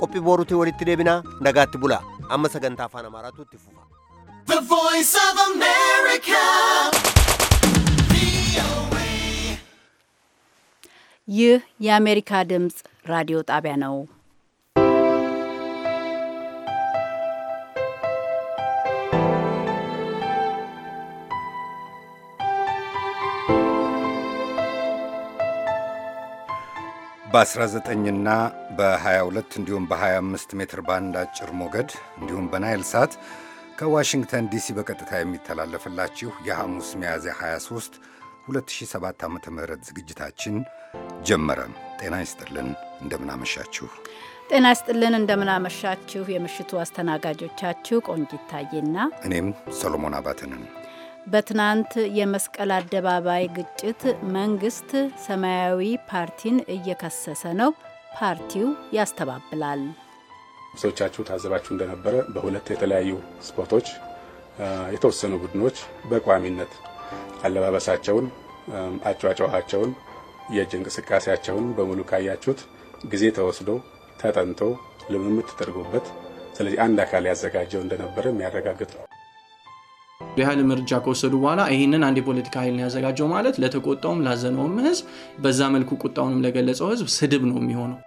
qophii booruutii walitti deebinaa nagaatti bula amma sagantaa afaan amaaraatu itti fufa. ይህ የአሜሪካ ድምፅ ራዲዮ ጣቢያ ነው። በ19ና በ22 እንዲሁም በ25 ሜትር ባንድ አጭር ሞገድ እንዲሁም በናይል ሳት ከዋሽንግተን ዲሲ በቀጥታ የሚተላለፍላችሁ የሐሙስ ሚያዝያ 23 2007 ዓ ም ዝግጅታችን ጀመረ። ጤና ይስጥልን፣ እንደምናመሻችሁ። ጤና ይስጥልን፣ እንደምናመሻችሁ። የምሽቱ አስተናጋጆቻችሁ ቆንጂት ታዬና እኔም ሰሎሞን አባተንን በትናንት የመስቀል አደባባይ ግጭት መንግስት ሰማያዊ ፓርቲን እየከሰሰ ነው፣ ፓርቲው ያስተባብላል። ሰዎቻችሁ ታዘባችሁ እንደነበረ በሁለት የተለያዩ ስፖቶች የተወሰኑ ቡድኖች በቋሚነት አለባበሳቸውን፣ አጨዋጨዋቸውን፣ የእጅ እንቅስቃሴያቸውን በሙሉ ካያችሁት ጊዜ ተወስዶ ተጠንቶ ልምምድ ተደርጎበት ስለዚህ አንድ አካል ያዘጋጀው እንደነበረ የሚያረጋግጥ ነው። ያህል እርምጃ ከወሰዱ በኋላ ይህንን አንድ የፖለቲካ ኃይል ነው ያዘጋጀው ማለት ለተቆጣውም ላዘነውም ህዝብ በዛ መልኩ ቁጣውንም ለገለጸው ህዝብ ስድብ ነው የሚሆነው።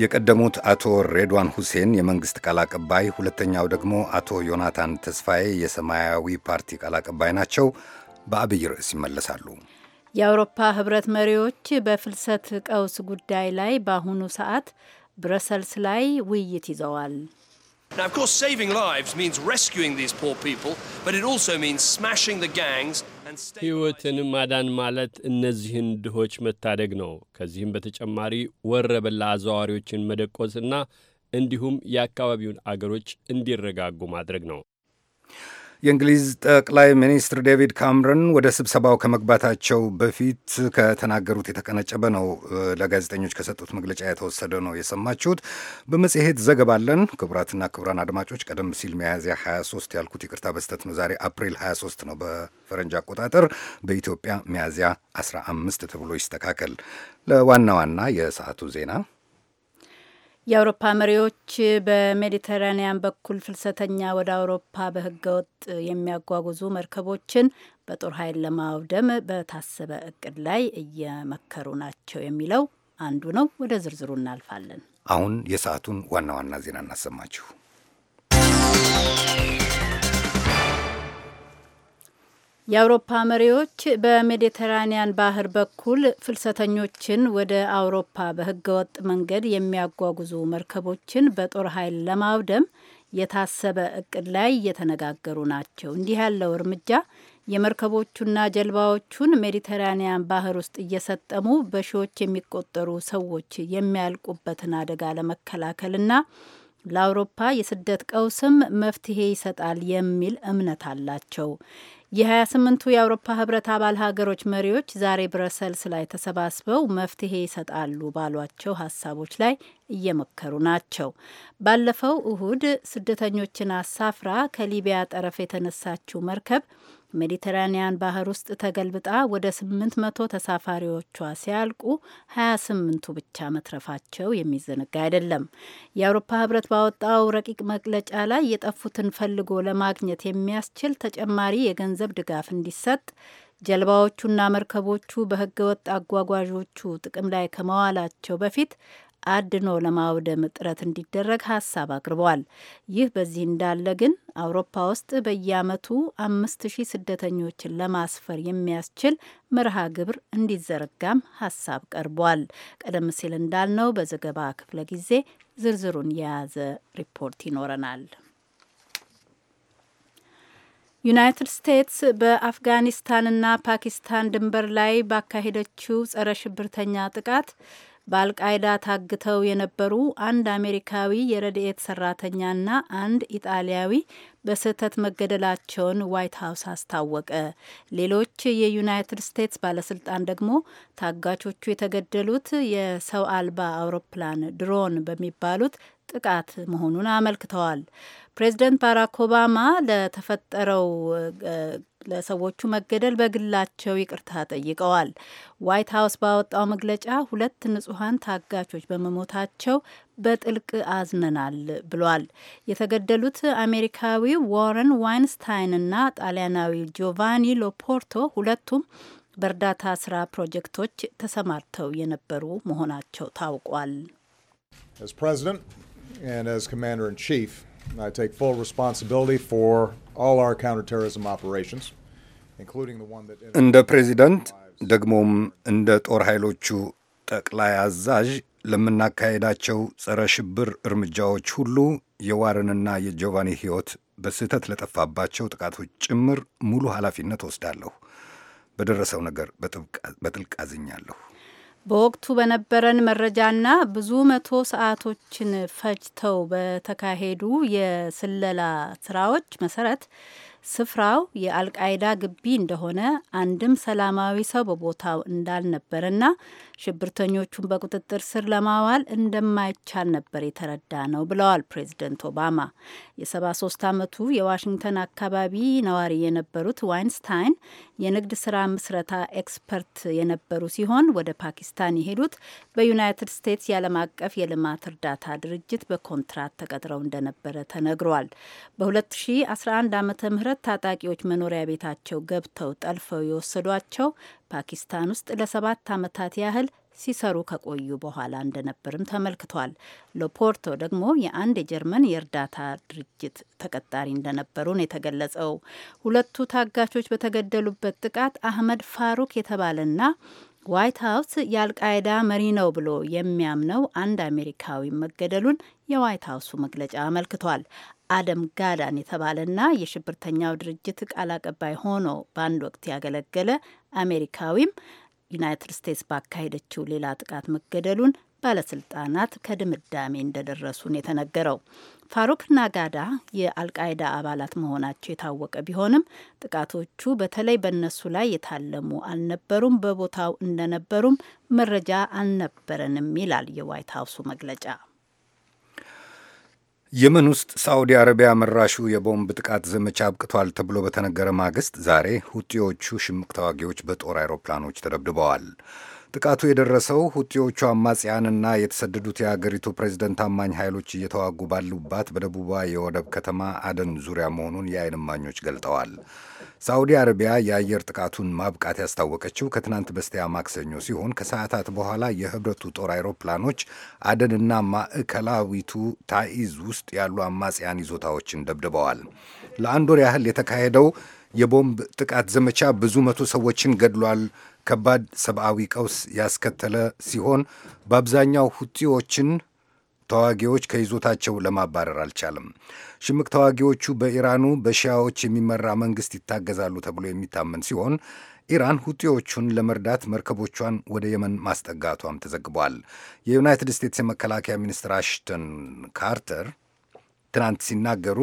የቀደሙት አቶ ሬድዋን ሁሴን የመንግስት ቃል አቀባይ፣ ሁለተኛው ደግሞ አቶ ዮናታን ተስፋዬ የሰማያዊ ፓርቲ ቃል አቀባይ ናቸው። በአብይ ርዕስ ይመለሳሉ። የአውሮፓ ህብረት መሪዎች በፍልሰት ቀውስ ጉዳይ ላይ በአሁኑ ሰዓት ብረሰልስ ላይ ውይይት ይዘዋል። Now, of course, saving lives means rescuing these poor people, but it also means smashing the gangs and ሕይወትን ማዳን ማለት እነዚህን ድሆች መታደግ ነው። ከዚህም በተጨማሪ ወረበላ አዘዋዋሪዎችን መደቆስና እንዲሁም የአካባቢውን አገሮች እንዲረጋጉ ማድረግ ነው። የእንግሊዝ ጠቅላይ ሚኒስትር ዴቪድ ካምረን ወደ ስብሰባው ከመግባታቸው በፊት ከተናገሩት የተቀነጨበ ነው። ለጋዜጠኞች ከሰጡት መግለጫ የተወሰደ ነው የሰማችሁት። በመጽሔት ዘገባ ክቡራትና ክቡራን አድማጮች ቀደም ሲል ሚያዝያ 23 ያልኩት ይቅርታ በስተት ነው። ዛሬ አፕሪል 23 ነው በፈረንጅ አቆጣጠር፣ በኢትዮጵያ ሚያዝያ 15 ተብሎ ይስተካከል። ለዋና ዋና የሰዓቱ ዜና የአውሮፓ መሪዎች በሜዲተራኒያን በኩል ፍልሰተኛ ወደ አውሮፓ በህገወጥ የሚያጓጉዙ መርከቦችን በጦር ኃይል ለማውደም በታሰበ እቅድ ላይ እየመከሩ ናቸው የሚለው አንዱ ነው። ወደ ዝርዝሩ እናልፋለን። አሁን የሰዓቱን ዋና ዋና ዜና እናሰማችሁ። የአውሮፓ መሪዎች በሜዲተራኒያን ባህር በኩል ፍልሰተኞችን ወደ አውሮፓ በህገወጥ መንገድ የሚያጓጉዙ መርከቦችን በጦር ኃይል ለማውደም የታሰበ እቅድ ላይ እየተነጋገሩ ናቸው። እንዲህ ያለው እርምጃ የመርከቦቹና ጀልባዎቹን ሜዲተራኒያን ባህር ውስጥ እየሰጠሙ በሺዎች የሚቆጠሩ ሰዎች የሚያልቁበትን አደጋ ለመከላከልና ለአውሮፓ የስደት ቀውስም መፍትሄ ይሰጣል የሚል እምነት አላቸው። የ28ቱ የአውሮፓ ህብረት አባል ሀገሮች መሪዎች ዛሬ ብረሰልስ ላይ ተሰባስበው መፍትሄ ይሰጣሉ ባሏቸው ሀሳቦች ላይ እየመከሩ ናቸው። ባለፈው እሁድ ስደተኞችን አሳፍራ ከሊቢያ ጠረፍ የተነሳችው መርከብ ሜዲተራኒያን ባህር ውስጥ ተገልብጣ ወደ 800 ተሳፋሪዎቿ ሲያልቁ 28ቱ ብቻ መትረፋቸው የሚዘነጋ አይደለም። የአውሮፓ ህብረት ባወጣው ረቂቅ መግለጫ ላይ የጠፉትን ፈልጎ ለማግኘት የሚያስችል ተጨማሪ የገንዘብ ድጋፍ እንዲሰጥ ጀልባዎቹና መርከቦቹ በህገወጥ አጓጓዦቹ ጥቅም ላይ ከመዋላቸው በፊት አድኖ ለማውደም ጥረት እንዲደረግ ሀሳብ አቅርበዋል። ይህ በዚህ እንዳለ ግን አውሮፓ ውስጥ በየአመቱ አምስት ሺህ ስደተኞችን ለማስፈር የሚያስችል መርሃ ግብር እንዲዘረጋም ሀሳብ ቀርቧል። ቀደም ሲል እንዳልነው በዘገባ ክፍለ ጊዜ ዝርዝሩን የያዘ ሪፖርት ይኖረናል። ዩናይትድ ስቴትስ በአፍጋኒስታንና ፓኪስታን ድንበር ላይ ባካሄደችው ጸረ ሽብርተኛ ጥቃት በአልቃይዳ ታግተው የነበሩ አንድ አሜሪካዊ የረድኤት ሰራተኛና አንድ ኢጣሊያዊ በስህተት መገደላቸውን ዋይት ሀውስ አስታወቀ። ሌሎች የዩናይትድ ስቴትስ ባለስልጣን ደግሞ ታጋቾቹ የተገደሉት የሰው አልባ አውሮፕላን ድሮን በሚባሉት ጥቃት መሆኑን አመልክተዋል። ፕሬዚደንት ባራክ ኦባማ ለተፈጠረው ለሰዎቹ መገደል በግላቸው ይቅርታ ጠይቀዋል። ዋይት ሀውስ ባወጣው መግለጫ ሁለት ንጹሐን ታጋቾች በመሞታቸው በጥልቅ አዝነናል ብሏል። የተገደሉት አሜሪካዊ ዋረን እና ጣሊያናዊ ጆቫኒ ሎፖርቶ ሁለቱም በእርዳታ ስራ ፕሮጀክቶች ተሰማርተው የነበሩ መሆናቸው ታውቋል። As president and as commander in I take full responsibility for እንደ ፕሬዚደንት ደግሞም እንደ ጦር ኃይሎቹ ጠቅላይ አዛዥ ለምናካሄዳቸው ጸረ ሽብር እርምጃዎች ሁሉ የዋረንና የጆቫኒ ሕይወት በስህተት ለጠፋባቸው ጥቃቶች ጭምር ሙሉ ኃላፊነት ወስዳለሁ። በደረሰው ነገር በጥልቅ አዝኛለሁ። በወቅቱ በነበረን መረጃና ብዙ መቶ ሰዓቶችን ፈጅተው በተካሄዱ የስለላ ስራዎች መሰረት ስፍራው የአልቃይዳ ግቢ እንደሆነ አንድም ሰላማዊ ሰው በቦታው እንዳልነበረና ሽብርተኞቹን በቁጥጥር ስር ለማዋል እንደማይቻል ነበር የተረዳ ነው ብለዋል ፕሬዚደንት ኦባማ። የ73 ዓመቱ የዋሽንግተን አካባቢ ነዋሪ የነበሩት ዋይንስታይን የንግድ ስራ ምስረታ ኤክስፐርት የነበሩ ሲሆን ወደ ፓኪስታን የሄዱት በዩናይትድ ስቴትስ የዓለም አቀፍ የልማት እርዳታ ድርጅት በኮንትራት ተቀጥረው እንደነበረ ተነግሯል። በ2011 ዓ ም መሰረት ታጣቂዎች መኖሪያ ቤታቸው ገብተው ጠልፈው የወሰዷቸው ፓኪስታን ውስጥ ለሰባት ዓመታት ያህል ሲሰሩ ከቆዩ በኋላ እንደነበርም ተመልክቷል። ሎፖርቶ ደግሞ የአንድ የጀርመን የእርዳታ ድርጅት ተቀጣሪ እንደነበሩ ነው የተገለጸው። ሁለቱ ታጋቾች በተገደሉበት ጥቃት አህመድ ፋሩክ የተባለና ዋይት ሀውስ የአልቃይዳ መሪ ነው ብሎ የሚያምነው አንድ አሜሪካዊ መገደሉን የዋይት ሀውሱ መግለጫ አመልክቷል። አደም ጋዳን የተባለና የሽብርተኛው ድርጅት ቃል አቀባይ ሆኖ በአንድ ወቅት ያገለገለ አሜሪካዊም ዩናይትድ ስቴትስ ባካሄደችው ሌላ ጥቃት መገደሉን ባለስልጣናት ከድምዳሜ እንደደረሱን የተነገረው ፋሩክ ናጋዳ የአልቃይዳ አባላት መሆናቸው የታወቀ ቢሆንም ጥቃቶቹ በተለይ በእነሱ ላይ የታለሙ አልነበሩም፣ በቦታው እንደነበሩም መረጃ አልነበረንም ይላል የዋይት ሀውሱ መግለጫ። የመን ውስጥ ሳዑዲ አረቢያ መራሹ የቦምብ ጥቃት ዘመቻ አብቅቷል ተብሎ በተነገረ ማግስት ዛሬ ሁጢዎቹ ሽምቅ ተዋጊዎች በጦር አይሮፕላኖች ተደብድበዋል። ጥቃቱ የደረሰው ሁቲዎቹ አማጽያንና የተሰደዱት የአገሪቱ ፕሬዝደንት ታማኝ ኃይሎች እየተዋጉ ባሉባት በደቡባ የወደብ ከተማ አደን ዙሪያ መሆኑን የዓይን እማኞች ገልጠዋል። ሳዑዲ አረቢያ የአየር ጥቃቱን ማብቃት ያስታወቀችው ከትናንት በስቲያ ማክሰኞ ሲሆን ከሰዓታት በኋላ የህብረቱ ጦር አይሮፕላኖች አደንና ማዕከላዊቱ ታኢዝ ውስጥ ያሉ አማጽያን ይዞታዎችን ደብድበዋል። ለአንድ ወር ያህል የተካሄደው የቦምብ ጥቃት ዘመቻ ብዙ መቶ ሰዎችን ገድሏል ከባድ ሰብአዊ ቀውስ ያስከተለ ሲሆን በአብዛኛው ሁቲዎችን ተዋጊዎች ከይዞታቸው ለማባረር አልቻለም። ሽምቅ ተዋጊዎቹ በኢራኑ በሺያዎች የሚመራ መንግስት ይታገዛሉ ተብሎ የሚታመን ሲሆን ኢራን ሁጢዎቹን ለመርዳት መርከቦቿን ወደ የመን ማስጠጋቷም ተዘግቧል። የዩናይትድ ስቴትስ የመከላከያ ሚኒስትር አሽተን ካርተር ትናንት ሲናገሩ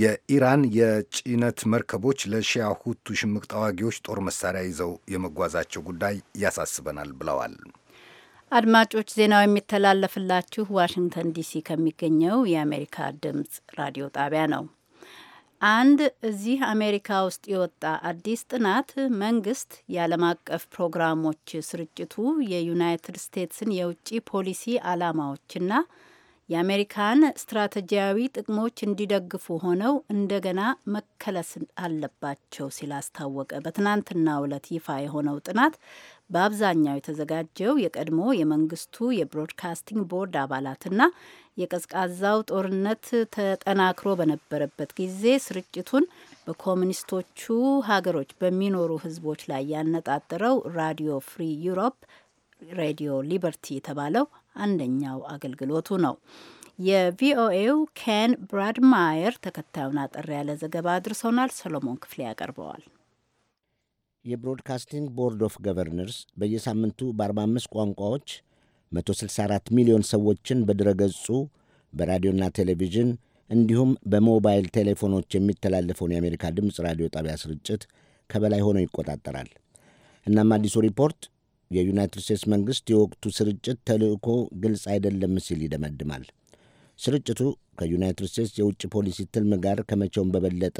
የኢራን የጭነት መርከቦች ለሺያ ሁቱ ሽምቅ ተዋጊዎች ጦር መሳሪያ ይዘው የመጓዛቸው ጉዳይ ያሳስበናል ብለዋል። አድማጮች ዜናው የሚተላለፍላችሁ ዋሽንግተን ዲሲ ከሚገኘው የአሜሪካ ድምጽ ራዲዮ ጣቢያ ነው። አንድ እዚህ አሜሪካ ውስጥ የወጣ አዲስ ጥናት መንግስት የዓለም አቀፍ ፕሮግራሞች ስርጭቱ የዩናይትድ ስቴትስን የውጭ ፖሊሲ ዓላማዎችና የአሜሪካን ስትራቴጂያዊ ጥቅሞች እንዲደግፉ ሆነው እንደገና መከለስ አለባቸው ሲል አስታወቀ። በትናንትናው ዕለት ይፋ የሆነው ጥናት በአብዛኛው የተዘጋጀው የቀድሞ የመንግስቱ የብሮድካስቲንግ ቦርድ አባላትና የቀዝቃዛው ጦርነት ተጠናክሮ በነበረበት ጊዜ ስርጭቱን በኮሚኒስቶቹ ሀገሮች በሚኖሩ ህዝቦች ላይ ያነጣጠረው ራዲዮ ፍሪ ዩሮፕ ሬዲዮ ሊበርቲ የተባለው አንደኛው አገልግሎቱ ነው። የቪኦኤው ኬን ብራድማየር ተከታዩን አጠር ያለ ዘገባ አድርሶናል። ሰሎሞን ክፍሌ ያቀርበዋል። የብሮድካስቲንግ ቦርድ ኦፍ ገቨርነርስ በየሳምንቱ በ45 ቋንቋዎች 164 ሚሊዮን ሰዎችን በድረ-ገጹ በራዲዮና ቴሌቪዥን እንዲሁም በሞባይል ቴሌፎኖች የሚተላለፈውን የአሜሪካ ድምፅ ራዲዮ ጣቢያ ስርጭት ከበላይ ሆኖ ይቆጣጠራል። እናም አዲሱ ሪፖርት የዩናይትድ ስቴትስ መንግሥት የወቅቱ ስርጭት ተልዕኮ ግልጽ አይደለም ሲል ይደመድማል። ስርጭቱ ከዩናይትድ ስቴትስ የውጭ ፖሊሲ ትልም ጋር ከመቼውም በበለጠ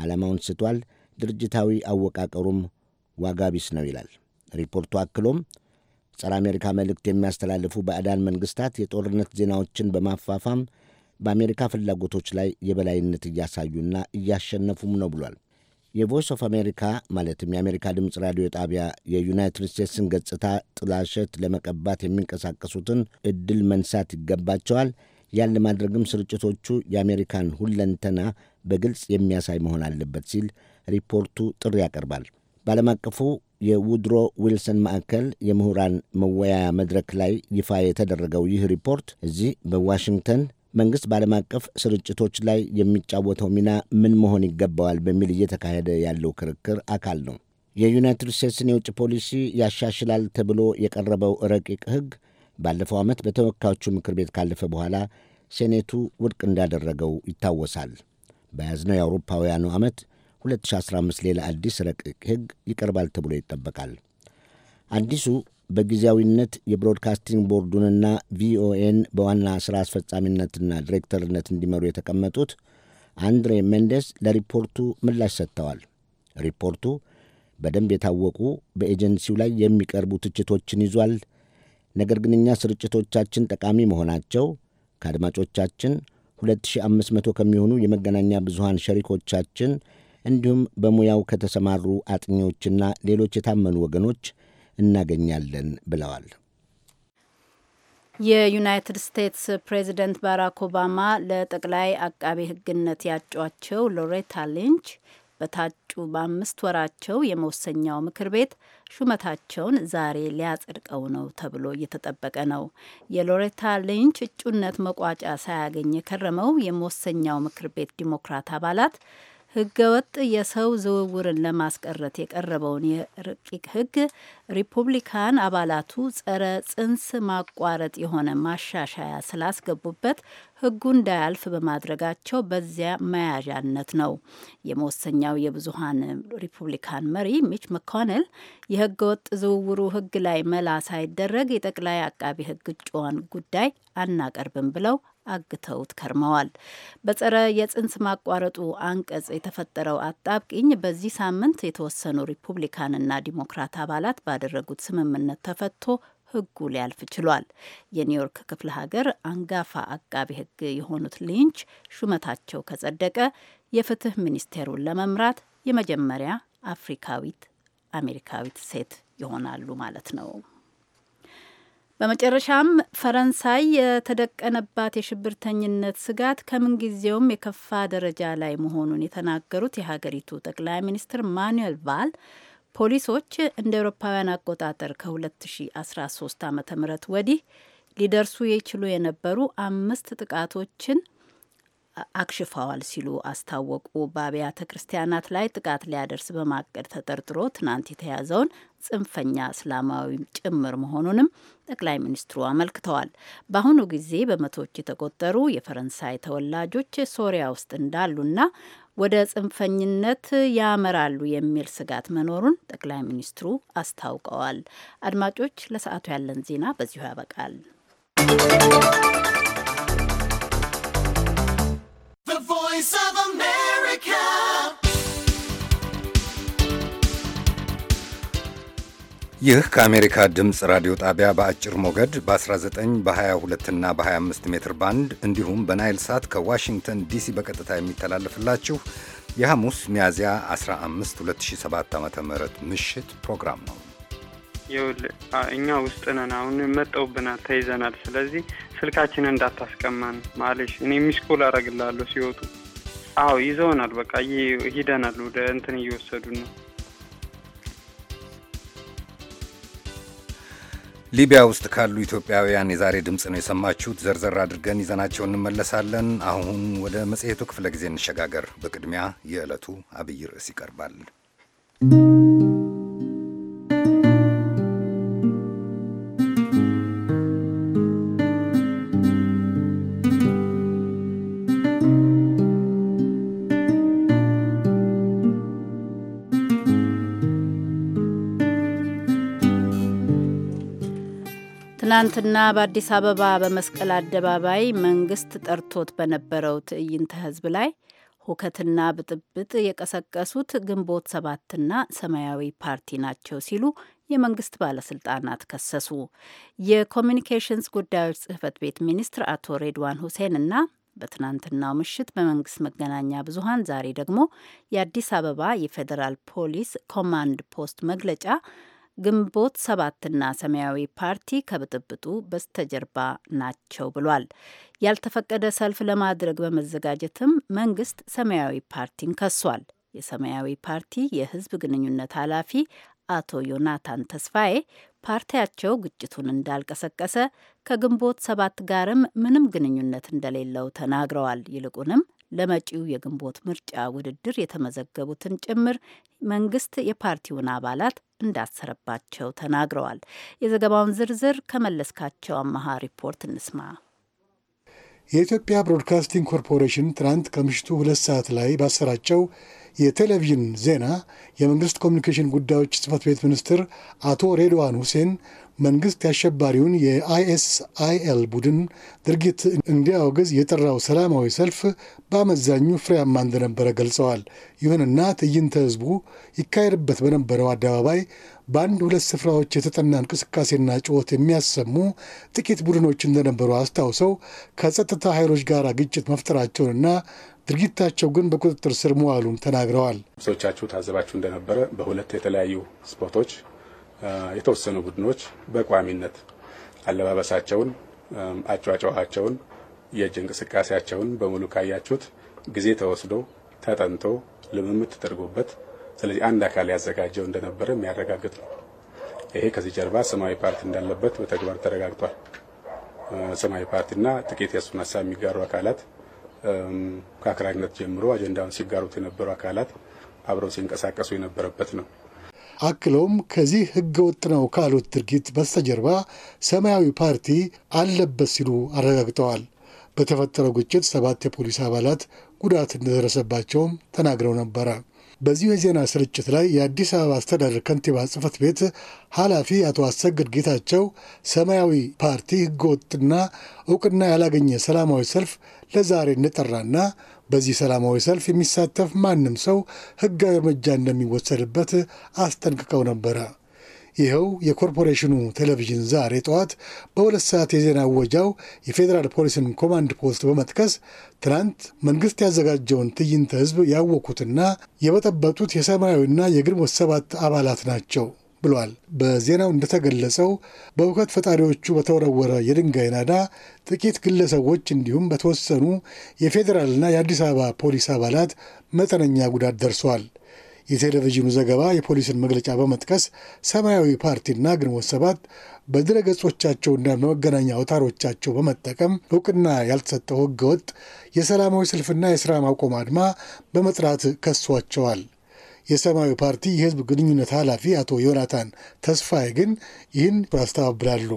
ዓላማውን ስቷል፣ ድርጅታዊ አወቃቀሩም ዋጋቢስ ነው ይላል ሪፖርቱ። አክሎም ጸረ አሜሪካ መልእክት የሚያስተላልፉ ባዕዳን መንግሥታት የጦርነት ዜናዎችን በማፋፋም በአሜሪካ ፍላጎቶች ላይ የበላይነት እያሳዩና እያሸነፉም ነው ብሏል። የቮይስ ኦፍ አሜሪካ ማለትም የአሜሪካ ድምፅ ራዲዮ ጣቢያ የዩናይትድ ስቴትስን ገጽታ ጥላሸት ለመቀባት የሚንቀሳቀሱትን እድል መንሳት ይገባቸዋል። ያን ለማድረግም ስርጭቶቹ የአሜሪካን ሁለንተና በግልጽ የሚያሳይ መሆን አለበት ሲል ሪፖርቱ ጥሪ ያቀርባል። በዓለም አቀፉ የውድሮ ዊልሰን ማዕከል የምሁራን መወያያ መድረክ ላይ ይፋ የተደረገው ይህ ሪፖርት እዚህ በዋሽንግተን መንግሥት በዓለም አቀፍ ስርጭቶች ላይ የሚጫወተው ሚና ምን መሆን ይገባዋል በሚል እየተካሄደ ያለው ክርክር አካል ነው። የዩናይትድ ስቴትስን የውጭ ፖሊሲ ያሻሽላል ተብሎ የቀረበው ረቂቅ ሕግ ባለፈው ዓመት በተወካዮቹ ምክር ቤት ካለፈ በኋላ ሴኔቱ ውድቅ እንዳደረገው ይታወሳል። በያዝነው የአውሮፓውያኑ ዓመት 2015 ሌላ አዲስ ረቂቅ ሕግ ይቀርባል ተብሎ ይጠበቃል። አዲሱ በጊዜያዊነት የብሮድካስቲንግ ቦርዱንና ቪኦኤን በዋና ሥራ አስፈጻሚነትና ዲሬክተርነት እንዲመሩ የተቀመጡት አንድሬ ሜንዴስ ለሪፖርቱ ምላሽ ሰጥተዋል። ሪፖርቱ በደንብ የታወቁ በኤጀንሲው ላይ የሚቀርቡ ትችቶችን ይዟል። ነገር ግን እኛ ስርጭቶቻችን ጠቃሚ መሆናቸው ከአድማጮቻችን 2500 ከሚሆኑ የመገናኛ ብዙሃን ሸሪኮቻችን እንዲሁም በሙያው ከተሰማሩ አጥኚዎችና ሌሎች የታመኑ ወገኖች እናገኛለን ብለዋል። የዩናይትድ ስቴትስ ፕሬዚደንት ባራክ ኦባማ ለጠቅላይ አቃቤ ሕግነት ያጯቸው ሎሬታ ሊንች በታጩ በአምስት ወራቸው የመወሰኛው ምክር ቤት ሹመታቸውን ዛሬ ሊያጸድቀው ነው ተብሎ እየተጠበቀ ነው። የሎሬታ ሊንች እጩነት መቋጫ ሳያገኝ የከረመው የመወሰኛው ምክር ቤት ዲሞክራት አባላት ህገወጥ የሰው ዝውውርን ለማስቀረት የቀረበውን የረቂቅ ህግ ሪፑብሊካን አባላቱ ጸረ ጽንስ ማቋረጥ የሆነ ማሻሻያ ስላስገቡበት ህጉ እንዳያልፍ በማድረጋቸው በዚያ መያዣነት ነው። የመወሰኛው የብዙሀን ሪፑብሊካን መሪ ሚች መኮንል የህገወጥ ዝውውሩ ህግ ላይ መላ ሳይደረግ የጠቅላይ አቃቢ ህግ እጩዋን ጉዳይ አናቀርብም ብለው አግተውት ከርመዋል። በጸረ የጽንስ ማቋረጡ አንቀጽ የተፈጠረው አጣብቂኝ በዚህ ሳምንት የተወሰኑ ሪፑብሊካንና ዲሞክራት አባላት ባደረጉት ስምምነት ተፈቶ ሕጉ ሊያልፍ ችሏል። የኒውዮርክ ክፍለ ሀገር አንጋፋ አቃቢ ሕግ የሆኑት ሊንች ሹመታቸው ከጸደቀ የፍትህ ሚኒስቴሩን ለመምራት የመጀመሪያ አፍሪካዊት አሜሪካዊት ሴት ይሆናሉ ማለት ነው። በመጨረሻም ፈረንሳይ የተደቀነባት የሽብርተኝነት ስጋት ከምንጊዜውም የከፋ ደረጃ ላይ መሆኑን የተናገሩት የሀገሪቱ ጠቅላይ ሚኒስትር ማኑኤል ቫል ፖሊሶች እንደ አውሮፓውያን አቆጣጠር ከ2013 ዓ ም ወዲህ ሊደርሱ ይችሉ የነበሩ አምስት ጥቃቶችን አክሽፈዋል ሲሉ አስታወቁ። በአብያተ ክርስቲያናት ላይ ጥቃት ሊያደርስ በማቀድ ተጠርጥሮ ትናንት የተያዘውን ጽንፈኛ እስላማዊ ጭምር መሆኑንም ጠቅላይ ሚኒስትሩ አመልክተዋል። በአሁኑ ጊዜ በመቶዎች የተቆጠሩ የፈረንሳይ ተወላጆች ሶሪያ ውስጥ እንዳሉና ወደ ጽንፈኝነት ያመራሉ የሚል ስጋት መኖሩን ጠቅላይ ሚኒስትሩ አስታውቀዋል። አድማጮች፣ ለሰዓቱ ያለን ዜና በዚሁ ያበቃል። ይህ ከአሜሪካ ድምፅ ራዲዮ ጣቢያ በአጭር ሞገድ በ19 በ22 እና በ25 ሜትር ባንድ እንዲሁም በናይል ሳት ከዋሽንግተን ዲሲ በቀጥታ የሚተላለፍላችሁ የሐሙስ ሚያዝያ 15 2007 ም ምሽት ፕሮግራም ነው። እኛ ውስጥ ነን። አሁን መጠውብናል፣ ተይዘናል። ስለዚህ ስልካችንን እንዳታስቀማን ማለሽ። እኔ ሚስኮል አረግላለሁ ሲወጡ። አዎ ይዘውናል። በቃ ሂደናል። ወደ እንትን እየወሰዱን ነው ሊቢያ ውስጥ ካሉ ኢትዮጵያውያን የዛሬ ድምፅ ነው የሰማችሁት። ዘርዘር አድርገን ይዘናቸው እንመለሳለን። አሁን ወደ መጽሔቱ ክፍለ ጊዜ እንሸጋገር። በቅድሚያ የዕለቱ አብይ ርዕስ ይቀርባል። ትናንትና በአዲስ አበባ በመስቀል አደባባይ መንግስት ጠርቶት በነበረው ትዕይንተ ህዝብ ላይ ሁከትና ብጥብጥ የቀሰቀሱት ግንቦት ሰባትና ሰማያዊ ፓርቲ ናቸው ሲሉ የመንግስት ባለስልጣናት ከሰሱ። የኮሚኒኬሽንስ ጉዳዮች ጽህፈት ቤት ሚኒስትር አቶ ሬድዋን እና በትናንትናው ምሽት በመንግስት መገናኛ ብዙሀን ዛሬ ደግሞ የአዲስ አበባ የፌዴራል ፖሊስ ኮማንድ ፖስት መግለጫ ግንቦት ሰባትና ሰማያዊ ፓርቲ ከብጥብጡ በስተጀርባ ናቸው ብሏል። ያልተፈቀደ ሰልፍ ለማድረግ በመዘጋጀትም መንግስት ሰማያዊ ፓርቲን ከሷል። የሰማያዊ ፓርቲ የህዝብ ግንኙነት ኃላፊ አቶ ዮናታን ተስፋዬ ፓርቲያቸው ግጭቱን እንዳልቀሰቀሰ ከግንቦት ሰባት ጋርም ምንም ግንኙነት እንደሌለው ተናግረዋል። ይልቁንም ለመጪው የግንቦት ምርጫ ውድድር የተመዘገቡትን ጭምር መንግስት የፓርቲውን አባላት እንዳሰረባቸው ተናግረዋል። የዘገባውን ዝርዝር ከመለስካቸው አመሃ ሪፖርት እንስማ። የኢትዮጵያ ብሮድካስቲንግ ኮርፖሬሽን ትናንት ከምሽቱ ሁለት ሰዓት ላይ ባሰራጨው የቴሌቪዥን ዜና የመንግስት ኮሚኒኬሽን ጉዳዮች ጽህፈት ቤት ሚኒስትር አቶ ሬድዋን ሁሴን መንግስት ያሸባሪውን የአይኤስአይኤል ቡድን ድርጊት እንዲያወግዝ የጠራው ሰላማዊ ሰልፍ በአመዛኙ ፍሬያማ እንደነበረ ገልጸዋል። ይሁንና ትዕይንተ ህዝቡ ይካሄድበት በነበረው አደባባይ በአንድ ሁለት ስፍራዎች የተጠና እንቅስቃሴና ጩኸት የሚያሰሙ ጥቂት ቡድኖች እንደነበሩ አስታውሰው ከጸጥታ ኃይሎች ጋር ግጭት መፍጠራቸውንና ድርጊታቸው ግን በቁጥጥር ስር መዋሉን ተናግረዋል። ብሶቻችሁ ታዘባችሁ እንደነበረ በሁለት የተለያዩ ስፖቶች የተወሰኑ ቡድኖች በቋሚነት አለባበሳቸውን፣ አጫጫኋቸውን፣ የእጅ እንቅስቃሴያቸውን በሙሉ ካያችሁት ጊዜ ተወስዶ ተጠንቶ ልምምድ ተደርጎበት ስለዚህ አንድ አካል ያዘጋጀው እንደነበረ የሚያረጋግጥ ነው። ይሄ ከዚህ ጀርባ ሰማያዊ ፓርቲ እንዳለበት በተግባር ተረጋግጧል። ሰማያዊ ፓርቲና ጥቂት የእሱን ሀሳብ የሚጋሩ አካላት ከአክራሪነት ጀምሮ አጀንዳውን ሲጋሩት የነበሩ አካላት አብረው ሲንቀሳቀሱ የነበረበት ነው። አክለውም ከዚህ ህገ ወጥ ነው ካሉት ድርጊት በስተጀርባ ሰማያዊ ፓርቲ አለበት ሲሉ አረጋግጠዋል። በተፈጠረው ግጭት ሰባት የፖሊስ አባላት ጉዳት እንደደረሰባቸውም ተናግረው ነበረ። በዚሁ የዜና ስርጭት ላይ የአዲስ አበባ አስተዳደር ከንቲባ ጽህፈት ቤት ኃላፊ አቶ አሰግድ ጌታቸው ሰማያዊ ፓርቲ ህገወጥና እውቅና ያላገኘ ሰላማዊ ሰልፍ ለዛሬ እንጠራና በዚህ ሰላማዊ ሰልፍ የሚሳተፍ ማንም ሰው ህጋዊ እርምጃ እንደሚወሰድበት አስጠንቅቀው ነበረ። ይኸው የኮርፖሬሽኑ ቴሌቪዥን ዛሬ ጠዋት በሁለት ሰዓት የዜና እወጃው የፌዴራል ፖሊስን ኮማንድ ፖስት በመጥቀስ ትናንት መንግስት ያዘጋጀውን ትዕይንተ ህዝብ ያወቁትና የበጠበጡት የሰማያዊና የግንቦት ሰባት አባላት ናቸው ብሏል። በዜናው እንደተገለጸው በእውከት ፈጣሪዎቹ በተወረወረ የድንጋይ ናዳ ጥቂት ግለሰቦች እንዲሁም በተወሰኑ የፌዴራልና የአዲስ አበባ ፖሊስ አባላት መጠነኛ ጉዳት ደርሷል። የቴሌቪዥኑ ዘገባ የፖሊስን መግለጫ በመጥቀስ ሰማያዊ ፓርቲና ግንቦት ሰባት በድረ ገጾቻቸውና በመገናኛ አውታሮቻቸው በመጠቀም እውቅና ያልተሰጠው ህገወጥ የሰላማዊ ሰልፍና የሥራ ማቆም አድማ በመጥራት ከሷቸዋል። የሰማያዊ ፓርቲ የህዝብ ግንኙነት ኃላፊ አቶ ዮናታን ተስፋዬ ግን ይህን ያስተባብላሉ።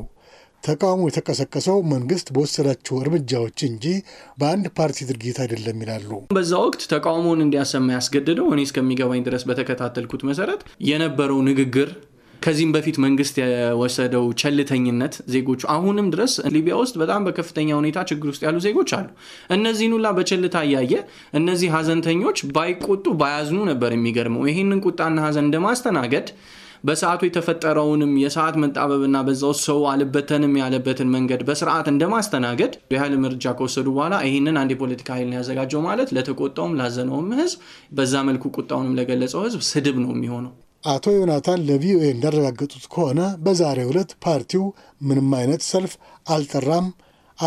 ተቃውሞ የተቀሰቀሰው መንግስት በወሰዳቸው እርምጃዎች እንጂ በአንድ ፓርቲ ድርጊት አይደለም ይላሉ። በዛ ወቅት ተቃውሞውን እንዲያሰማ ያስገደደው እኔ እስከሚገባኝ ድረስ በተከታተልኩት መሰረት የነበረው ንግግር ከዚህም በፊት መንግስት የወሰደው ቸልተኝነት ዜጎቹ አሁንም ድረስ ሊቢያ ውስጥ በጣም በከፍተኛ ሁኔታ ችግር ውስጥ ያሉ ዜጎች አሉ። እነዚህን ሁላ በቸልታ እያየ እነዚህ ሀዘንተኞች ባይቆጡ ባያዝኑ ነበር የሚገርመው። ይህንን ቁጣና ሀዘን እንደማስተናገድ በሰዓቱ የተፈጠረውንም የሰዓት መጣበብና በዛው ሰው አልበተንም ያለበትን መንገድ በስርዓት እንደማስተናገድ የኃይል እርምጃ ከወሰዱ በኋላ ይህንን አንድ የፖለቲካ ኃይል ያዘጋጀው ማለት ለተቆጣውም ላዘነውም ህዝብ በዛ መልኩ ቁጣውንም ለገለጸው ህዝብ ስድብ ነው የሚሆነው። አቶ ዮናታን ለቪኦኤ እንዳረጋገጡት ከሆነ በዛሬው ዕለት ፓርቲው ምንም አይነት ሰልፍ አልጠራም